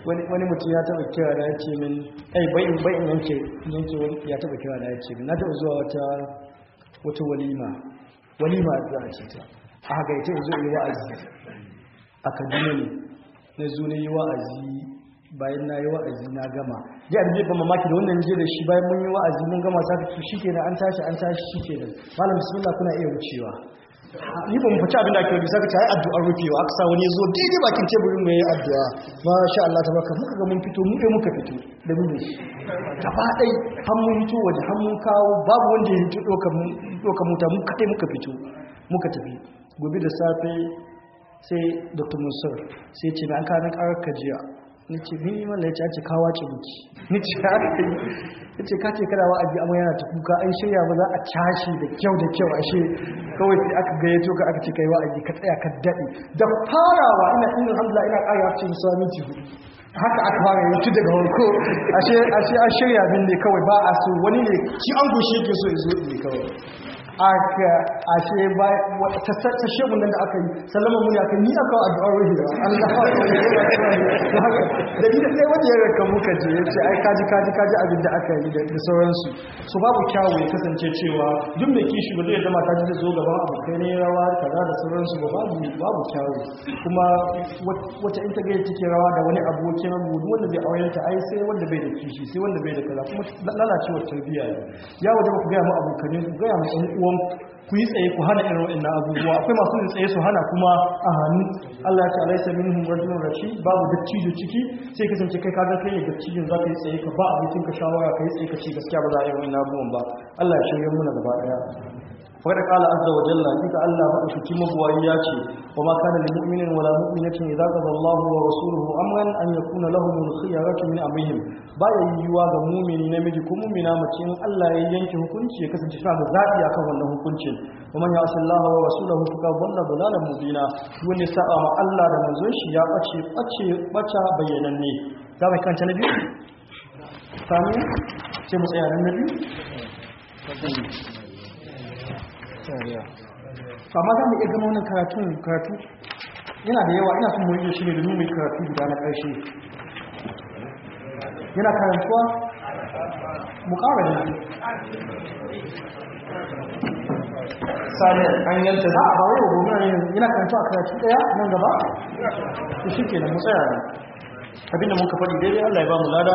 wani mutum ya taba kira da ya ce min ai bai in yanke yanke ya taba kira da ya ce min na taba zuwa wata wata walima walima za a ce ta a haka ya ce zo yi wa'azi a kaduna ne na zo na yi wa'azi bayan na yi wa'azi na gama ya abin ba mamaki da wannan je da shi bayan mun yi wa'azi mun gama sa fito shi kenan an tashi an tashi shi kenan malam bismillah kuna iya wucewa ni ba mu fice abin da ake rubuta ka tayi addu'a rufewa aka sa wani zo daidai bakin teburin mai addu'a sha Allah tabaraka muka ga mun fito mu muka fito da mu gaba dai har mun fito waje har mun kawo babu wanda ya fito dokan mu mu ta muka muka fito muka tafi gobe da safe sai dr musar sai ce na an nan karar kajiya ni ce ni mala ya ce a ce kawa ce miki ni ce haka yi ya ce kace kada wa abi amma yana ta kuka an shirya ba za a cashe da kyau da kyau ashe kawai sai aka gayyato ka aka ce kai wa abi ka tsaya ka dade da farawa ina in alhamdulillah ina ƙara ce sami ci haka aka fara yanzu daga warko ashe ashe an shirya bin ne kawai ba a so wani ne ki an goshe ke so ya zo ne kawai aka ashe ba ta ta shehu nan da aka yi sallama muni aka ni aka addu'ar ruhi Allah da ni da sai wani ya raka muka je yace ai kaji kaji kaji abin da aka yi da sauransu su babu kyawu ya kasance cewa duk mai kishi ba zai zama ta ji zo gaban abokai ne rawa kaza da sauransu ba babu babu kyawu kuma wata in ta gaya take rawa da wani abokin mu wanda bai aure ta ai sai wanda bai da kishi sai wanda bai da kaza kuma lalacewar tarbiyya ya wajen ku ga mu abokanin, ku ga mu uwan ku yi tsaye ku hana irin na abubuwa akwai masu yin tsaye su hana kuma a hannu Allah ya ce alaisa hun rajulun rashi babu cijo ciki sai kasance kai kaga kai ne dattijin za ka yi tsaye ka ba abincin ka shawara ka yi tsaye ka ci gaskiya ba za a yi na abubuwan ba Allah ya shirya muna gaba ɗaya فقد قال عز وجل فيك الله مأشكي مبواياتي وما كان لمؤمن ولا مؤمنة إذا قضى الله ورسوله أمرا أن يكون لهم الخيارة من أمرهم yi يوا ga mumini namiji ko mumina mace in Allah ya yanke hukunci ya kasance suna da zabi akan wannan hukuncin kuma ya san Allah wa rasulahu fuka walla dalalan mubina wanda sa'a ma Allah da manzon shi ya bace bace bayyananne za kanta na biyu sami sai mu tsaya na biyu amma za mu iya gama wannan karatun karatu yana da yawa ina son mu yi shi ne domin mai karatu guda na karshe yana karantuwa mu ƙara da sani an yanta za a bawo gobe yana karantuwa karatu ɗaya nan gaba shi ke da mu tsaya abinda muka faɗi daidai Allah ya ba mu lada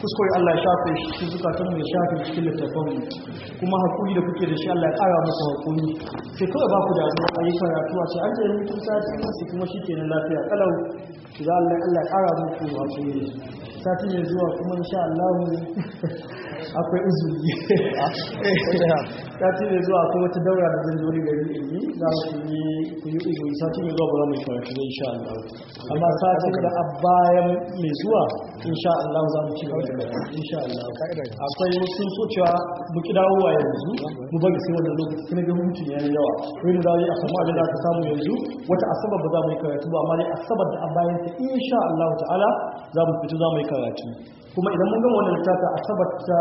kuskure Allah ya shafe shi zukatan mu ya shafe cikin littafin kuma hakuri da kuke da shi Allah ya ƙara muku hakuri sai kawai ba ku da zuwa ayi karatu a ce an je mutum sati kuma shi kenan lafiya kalau za Allah ya ƙara muku hakuri sati da zuwa kuma insha Allah akwai izuri sati da zuwa akwai wata daura da zan zuri gari in yi za su yi ku yi uzuri sati da zuwa ba za mu yi karatu da insha Allah amma sati da bayan mai zuwa insha Allah za mu ci gaba da insha Allah akwai sun so cewa mu ki dawowa yanzu mu bari sai wannan lokaci sai ga mutum yayi yawa ko da za a samu abin da aka samu yanzu wata asabar ba za mu yi karatu ba amma dai asabar da a bayan ta insha Allah ta'ala za mu fito za mu yi karatu kuma idan mun gama wannan littafin asabar ta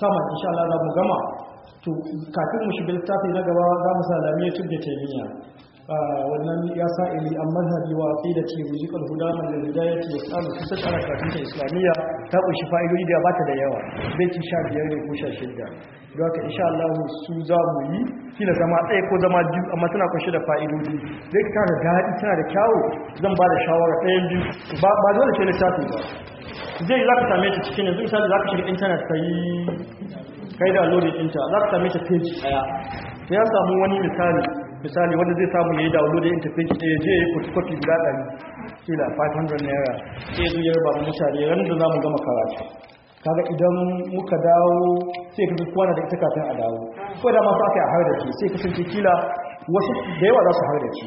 sama insha Allah za mu gama to kafin mu shiga littafi na gaba za mu salami ya da taimiyya wannan ya sa sa'ili an manhaji wa aqidati wa zikr huda man lil hidayati wa sa'al fi tsara kafin ta islamiyya ta kunshi fa'idodi da bata da yawa Zai ci sha biyar ne ko sha shida don haka insha Allah su za mu yi kila zama ɗaya ko zama biyu amma tana kunshi da fa'idodi Zai ta da daɗi tana da kyawu zan ba da shawara ɗayan biyu ba ba dole ce lissafi ba zai za ka same ta cikin yanzu misali za ka shiga intanet ka yi kai da lodin inta za ka same ta page ɗaya sai ya samu wani misali misali wanda zai samu yi download da interface ki je yi photocopy guda ɗari kila 500 naira sai yarba mu mutane ran da zamu gama karatu kaga idan muka dawo sai ka kwana da ita kafin a dawo ko da ma sa ka har da ke, sai ka sanke kila wasu da yawa za su har da ki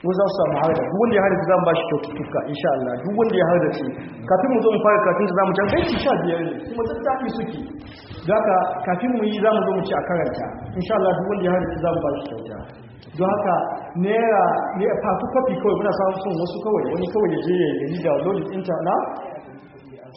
ko za su samu har da duk wanda ya har da ba bashi kyaututtuka insha Allah duk wanda ya har da ki kafin mu zo mu fara kafin da zamu jangai shi sha biyar ne kuma tattaki suke zaka kafin mu yi zamu zo mu ci a karanta insha Allah duk wanda ya har da ki zamu bashi kyauta don haka naira ne fatu kwafi kawai muna samun wasu kawai wani kawai ya je ya yi da lodin intanet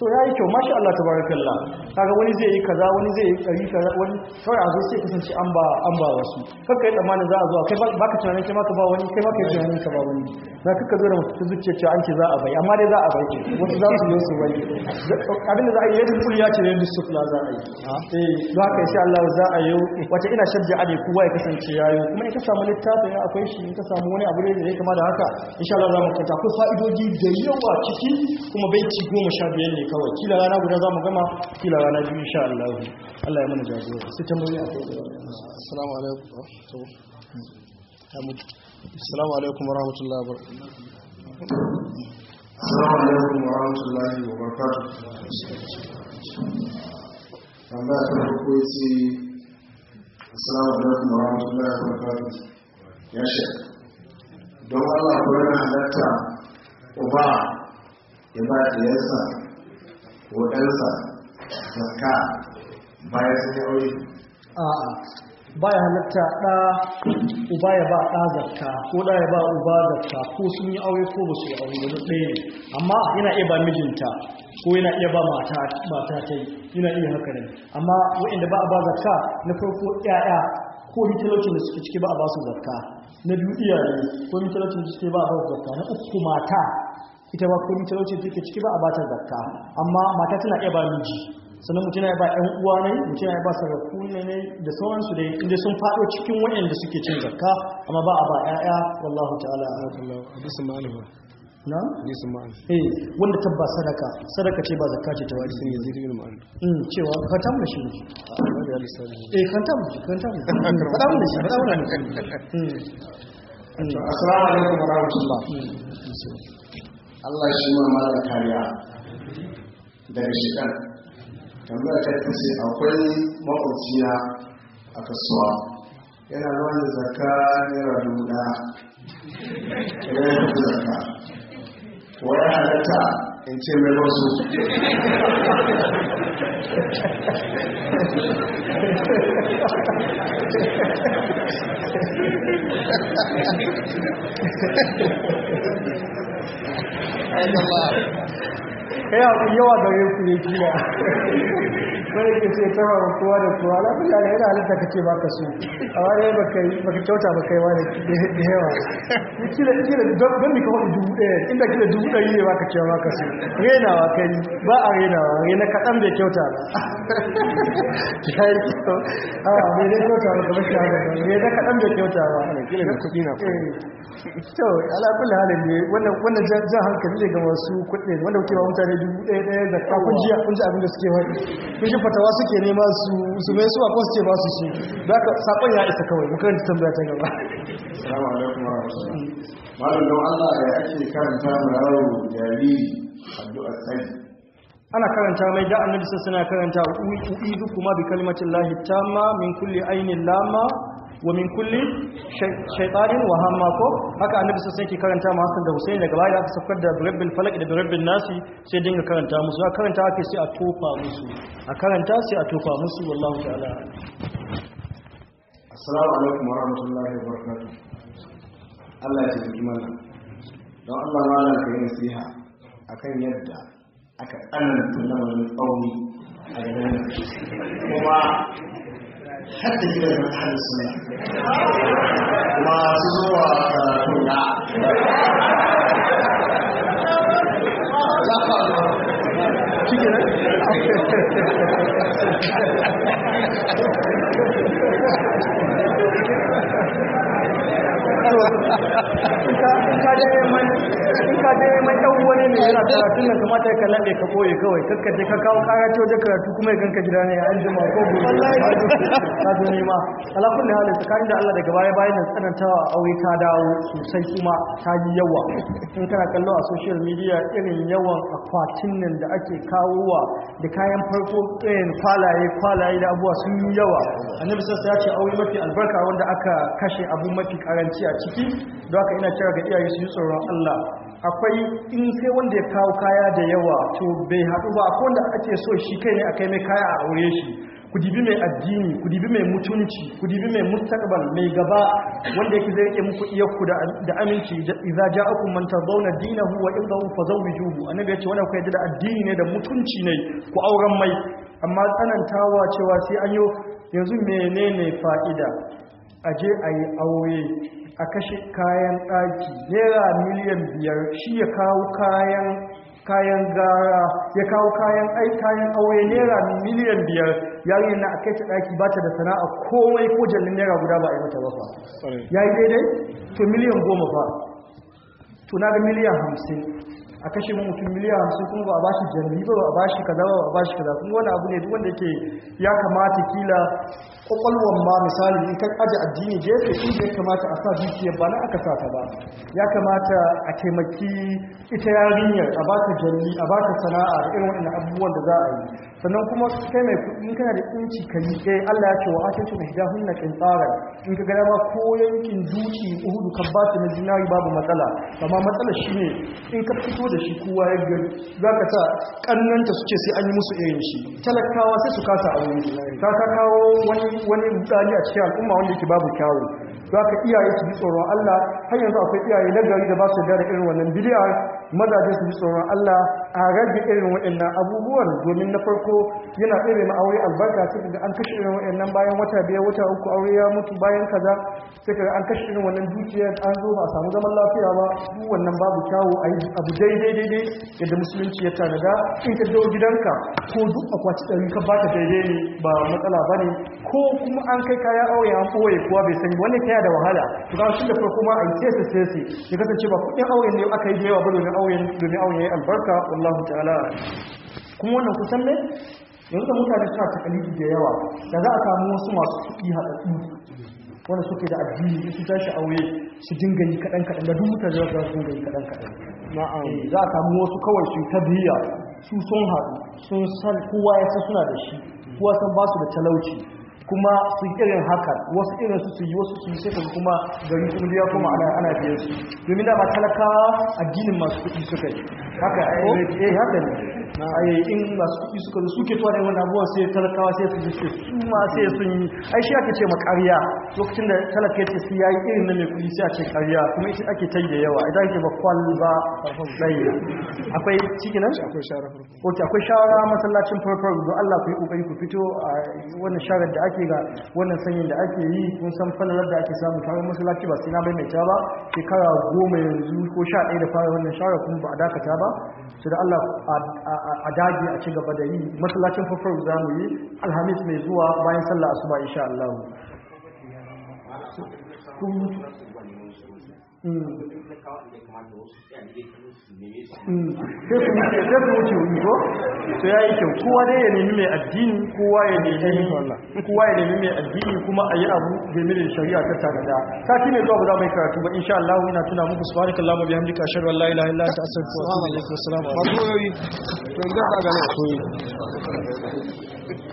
so ya yi kyau mashi Allah ta baraka barakallah kaga wani zai yi kaza wani zai yi kari kaza wani kawai a zo sai kasance an ba an ba wasu kakka yi tsammanin za a zo kai baka tunanin kai ma ka ba wani kai baka tunanin ka ba wani za ka ka zo da mutum zuciya cewa an ce za a bai amma dai za a bai wasu za su yi su bai abinda za a yi yadda kul ya ce yadda sufla za a yi eh don haka insha Allah za a yi Wace ina shajja ade kowa ya kasance ya yi. kuma in ka samu littafin ya akwai shi in ka samu wani abu da ya kama da haka insha Allah za mu kanta akwai fa'idoji da yawa ciki kuma baiti goma sha biyar ne kawai kila rana guda za mu gama kila rana biyu insha Allah Allah ya mana jazo sai tambayoyi a assalamu alaikum assalamu alaikum warahmatullahi wabarakatuh assalamu alaikum warahmatullahi wabarakatuh amma ta farko yace assalamu alaikum warahmatullahi wabarakatuh ya sha don Allah ko yana halatta uba ya ba da yasa ko ɗansa zaka bayan sun yi aure a'a baya halatta ɗa uba ya ba ɗa zaka, ko ɗa ya ba uba zaka, ko sun yi aure ko ba su yi aure wani ɗaya ne amma yana iya ba mijinta ko yana iya ba mata mata ta yi yana iya haka ne amma waɗanda ba a ba zaka na farko ƴaƴa ko mitalocin da suke ciki ba a ba su zakka na biyu iyaye ko mitalocin da suke ba a ba su zakka na uku mata ita ba komai talauci take ciki ba a bata zakka amma mata tana iya ba miji sannan mutum ya ba ɗan uwa ne mutum ya ba sarrafu ne da sauransu da inda sun faɗo cikin waɗanda suke cin zakka amma ba a ba ƴaƴa wallahu ta'ala a na? eh wanda tabba sadaka sadaka ce ba zakka ce ta wani sun yanzu cewa ka tamma shi eh ka tamma shi ka tamma ka tamma shi ka tamma shi hmm. Hmm. assalamu alaikum wa Allah shi ma malam kariya daga shidan tambaya ta kace akwai makwabciya a kasuwa yana ruwan da zakka naira dubu ɗaya yana da Wa ya halatta in ce mai wasu yawa gare ku ne kila kai ke ce ta ba kowa da kowa na kuma yana yana halitta kake ba ka so amma baka baka kyauta ba kai wani da yawa kila kila don mi ka wani dubu ɗaya inda kila dubu ɗari ne baka cewa ba ka so renawa kai ba a renawa rena kaɗan bai kyauta ba ya yi kyau a mai kyauta ba kamar shi haka rena kaɗan bai kyauta ba da kuɗi eh. to alakula halin ne wannan jan hankali ne ga masu kuɗi wanda kuke ba mutane dubu ɗaya ɗaya da kakun jiya kun ji abin da suke wani fatawa suke nema su su mai su akwai suke ba shi da ka sakon ya isa kawai makaranta tambaya ta gaba salamu alaikum ake karanta yaro jariri ana karanta mai da annabi sai suna karanta uidu kuma bi kalmatin lahi tamma min kulli ainin lama wa min kulli shaytanin wa hamma ko haka annabi sai yake karanta ma Hassan da Hussein daga baya aka saukar da rabbil falaq da rabbil nasi sai dinga karanta musu a karanta ake sai a tofa musu a karanta sai a tofa musu wallahu ta'ala assalamu alaikum warahmatullahi wabarakatuh Allah ya ji mana don Allah ma na kai nasiha akan yadda aka tsananta lamarin tsauni a gidan kuma 还得一个人看的死，我是我，懂的。大。听 ka je neman in ka je neman dan wani ne yana karatun nan kamata ka ka boye kawai kakka je ka kawo kara ce wajen karatu kuma ya ganka gida ne an jima ko gobe ka zo nema ala kulli halin tsakanin da Allah daga baya bayan nan tsanantawa aure ta dawo sosai kuma ta yi yawa in kana kallo a social media irin yawan akwatin nan da ake kawowa da kayan farko tsayin eh, kwalaye kwalaye da abuwa sun yi yawa annabi sassa ya ce aure mafi albarka wanda aka kashe abu mafi karanci a ciki don haka ina kira ga iyaye su yi tsoron Allah akwai in sai wanda ya kawo kaya da yawa to bai haɗu ba akwai wanda ake so shi kai ne akai mai kaya a aure shi ku dibi mai addini ku dibi mai mutunci ku dibi mai mustaqbal mai gaba wanda yake zai yake muku ku da aminci idza ja'akum man huwa dinahu wa irdahu fazawwijuhu annabi ya ce wannan ku da addini ne da mutunci ne ku auren mai amma tsanantawa cewa sai an yo yanzu menene fa'ida aje ayi aure a kashe kayan ɗaki naira miliyan biyar shi ya kawo kayan kayan gara ya kawo kayan ai kayan aure naira miliyan biyar yayin na a ta ɗaki ba ta da sana'a komai ko jallin naira guda ba a yi mata ba fa yayi daidai to miliyan goma fa to na ga miliyan hamsin a kashe mutum miliyan hamsin kuma ba a bashi jami'i ba ba a bashi kaza ba a bashi kaza kuma wani abu ne duk wanda yake ya kamata kila kwakwalwar ma misali in kan aje addini jefe in ya kamata a sa dukiya ba na aka sa ba ya kamata a taimaki ita yarinyar a baka jami'i a baka sana'a da irin abubuwan da za a yi sannan kuma kai mai kuɗi kana da inci ka yi ɗaya Allah ya ce wa ake cikin mahida hunna kin tsara in ka gada ma ko yankin duki uhudu ka ba su na zinari babu matsala amma matsala shi ne in ka fito da shi kowa ya gari za ka sa ƙannanta su ce sai an yi musu irin shi talakawa sai su kasa a wuri ta ka kawo wani mutane a cikin al'umma wanda yake babu kyawu za ka iyaye su ji tsoron Allah har yanzu akwai iyaye na gari da ba su da irin wannan bidiyar mazaje su ji tsoron Allah a rage irin waɗannan abubuwan domin na farko yana tsere ma aure albarka sai ga an kashe irin waɗannan bayan wata biyar wata uku aure ya mutu bayan kaza sai ga an kashe irin wannan dukiya an zo ba a samu zaman lafiya ba duk wannan babu kyawu a yi abu daidai daidai yadda musulunci ya tanada in ka dawo gidanka ko duk akwati ɗari ka ka daidai ne ba matsala ba ne ko kuma an kai kayan aure an ɓoye kuwa bai sani wani kaya da wahala to ga shi da farko ma a yi sese su ya kasance ba kuɗin aure ne aka yi da yawa ba domin aure ya yi albarka Allah ta'ala kuma wannan kusan ne yanzu da mutane suna takalidi da yawa da za a samu wasu masu kuɗi haɗaɗɗu wanda suke da addini su tashi aure su dinga yi kaɗan kaɗan da duk mutane za su dinga yi kaɗan kaɗan eh, za a samu wasu kawai su ta biya su sun haɗu sun san kowa ya suna da shi kowa san ba su da talauci kuma su irin haka wasu irin su su yi wasu su yi sai kuma gari kuma ya kuma ana ana biyar su domin da ba talakawa addinin masu kuɗi suka yi haka eh, haka ne ai in masu kuɗi suka zo suke tuwa da yawan abubuwan sai talakawa sai su ce su ma sai sun yi ai shi ake ce ma ƙarya lokacin da talaka ya ce su yayi irin na mai kuɗi sai a ce ƙarya kuma ita ake ta da yawa ita ake ba kwalba tsaye akwai ciki nan akwai shara ok akwai shara masallacin farfar don Allah ku yi kokari ku fito a wannan sharar da ake ga wannan sanyin da ake yi kun san falalar da ake samu kamar masallaci ba sai na bai mai ta ba shekara goma yanzu ko sha ɗaya da fara wannan sharar kuma ba a dakata ba su da Allah a dage a ci gaba da yi masallacin farfaru za mu yi alhamis mai zuwa bayan sallah asuba insha Allah sai ku wuce wuri ko to ya yi kyau kowa dai ya nemi mai addini kowa ya nemi kowa ya nemi mai addini kuma a yi abu game da shari'a ta tanada sati mai zuwa ba za mai karatu ba insha Allah ina tuna muku subhanakallah wa bihamdika ashhadu an la ilaha illa anta astaghfiruka wa atubu ilaik assalamu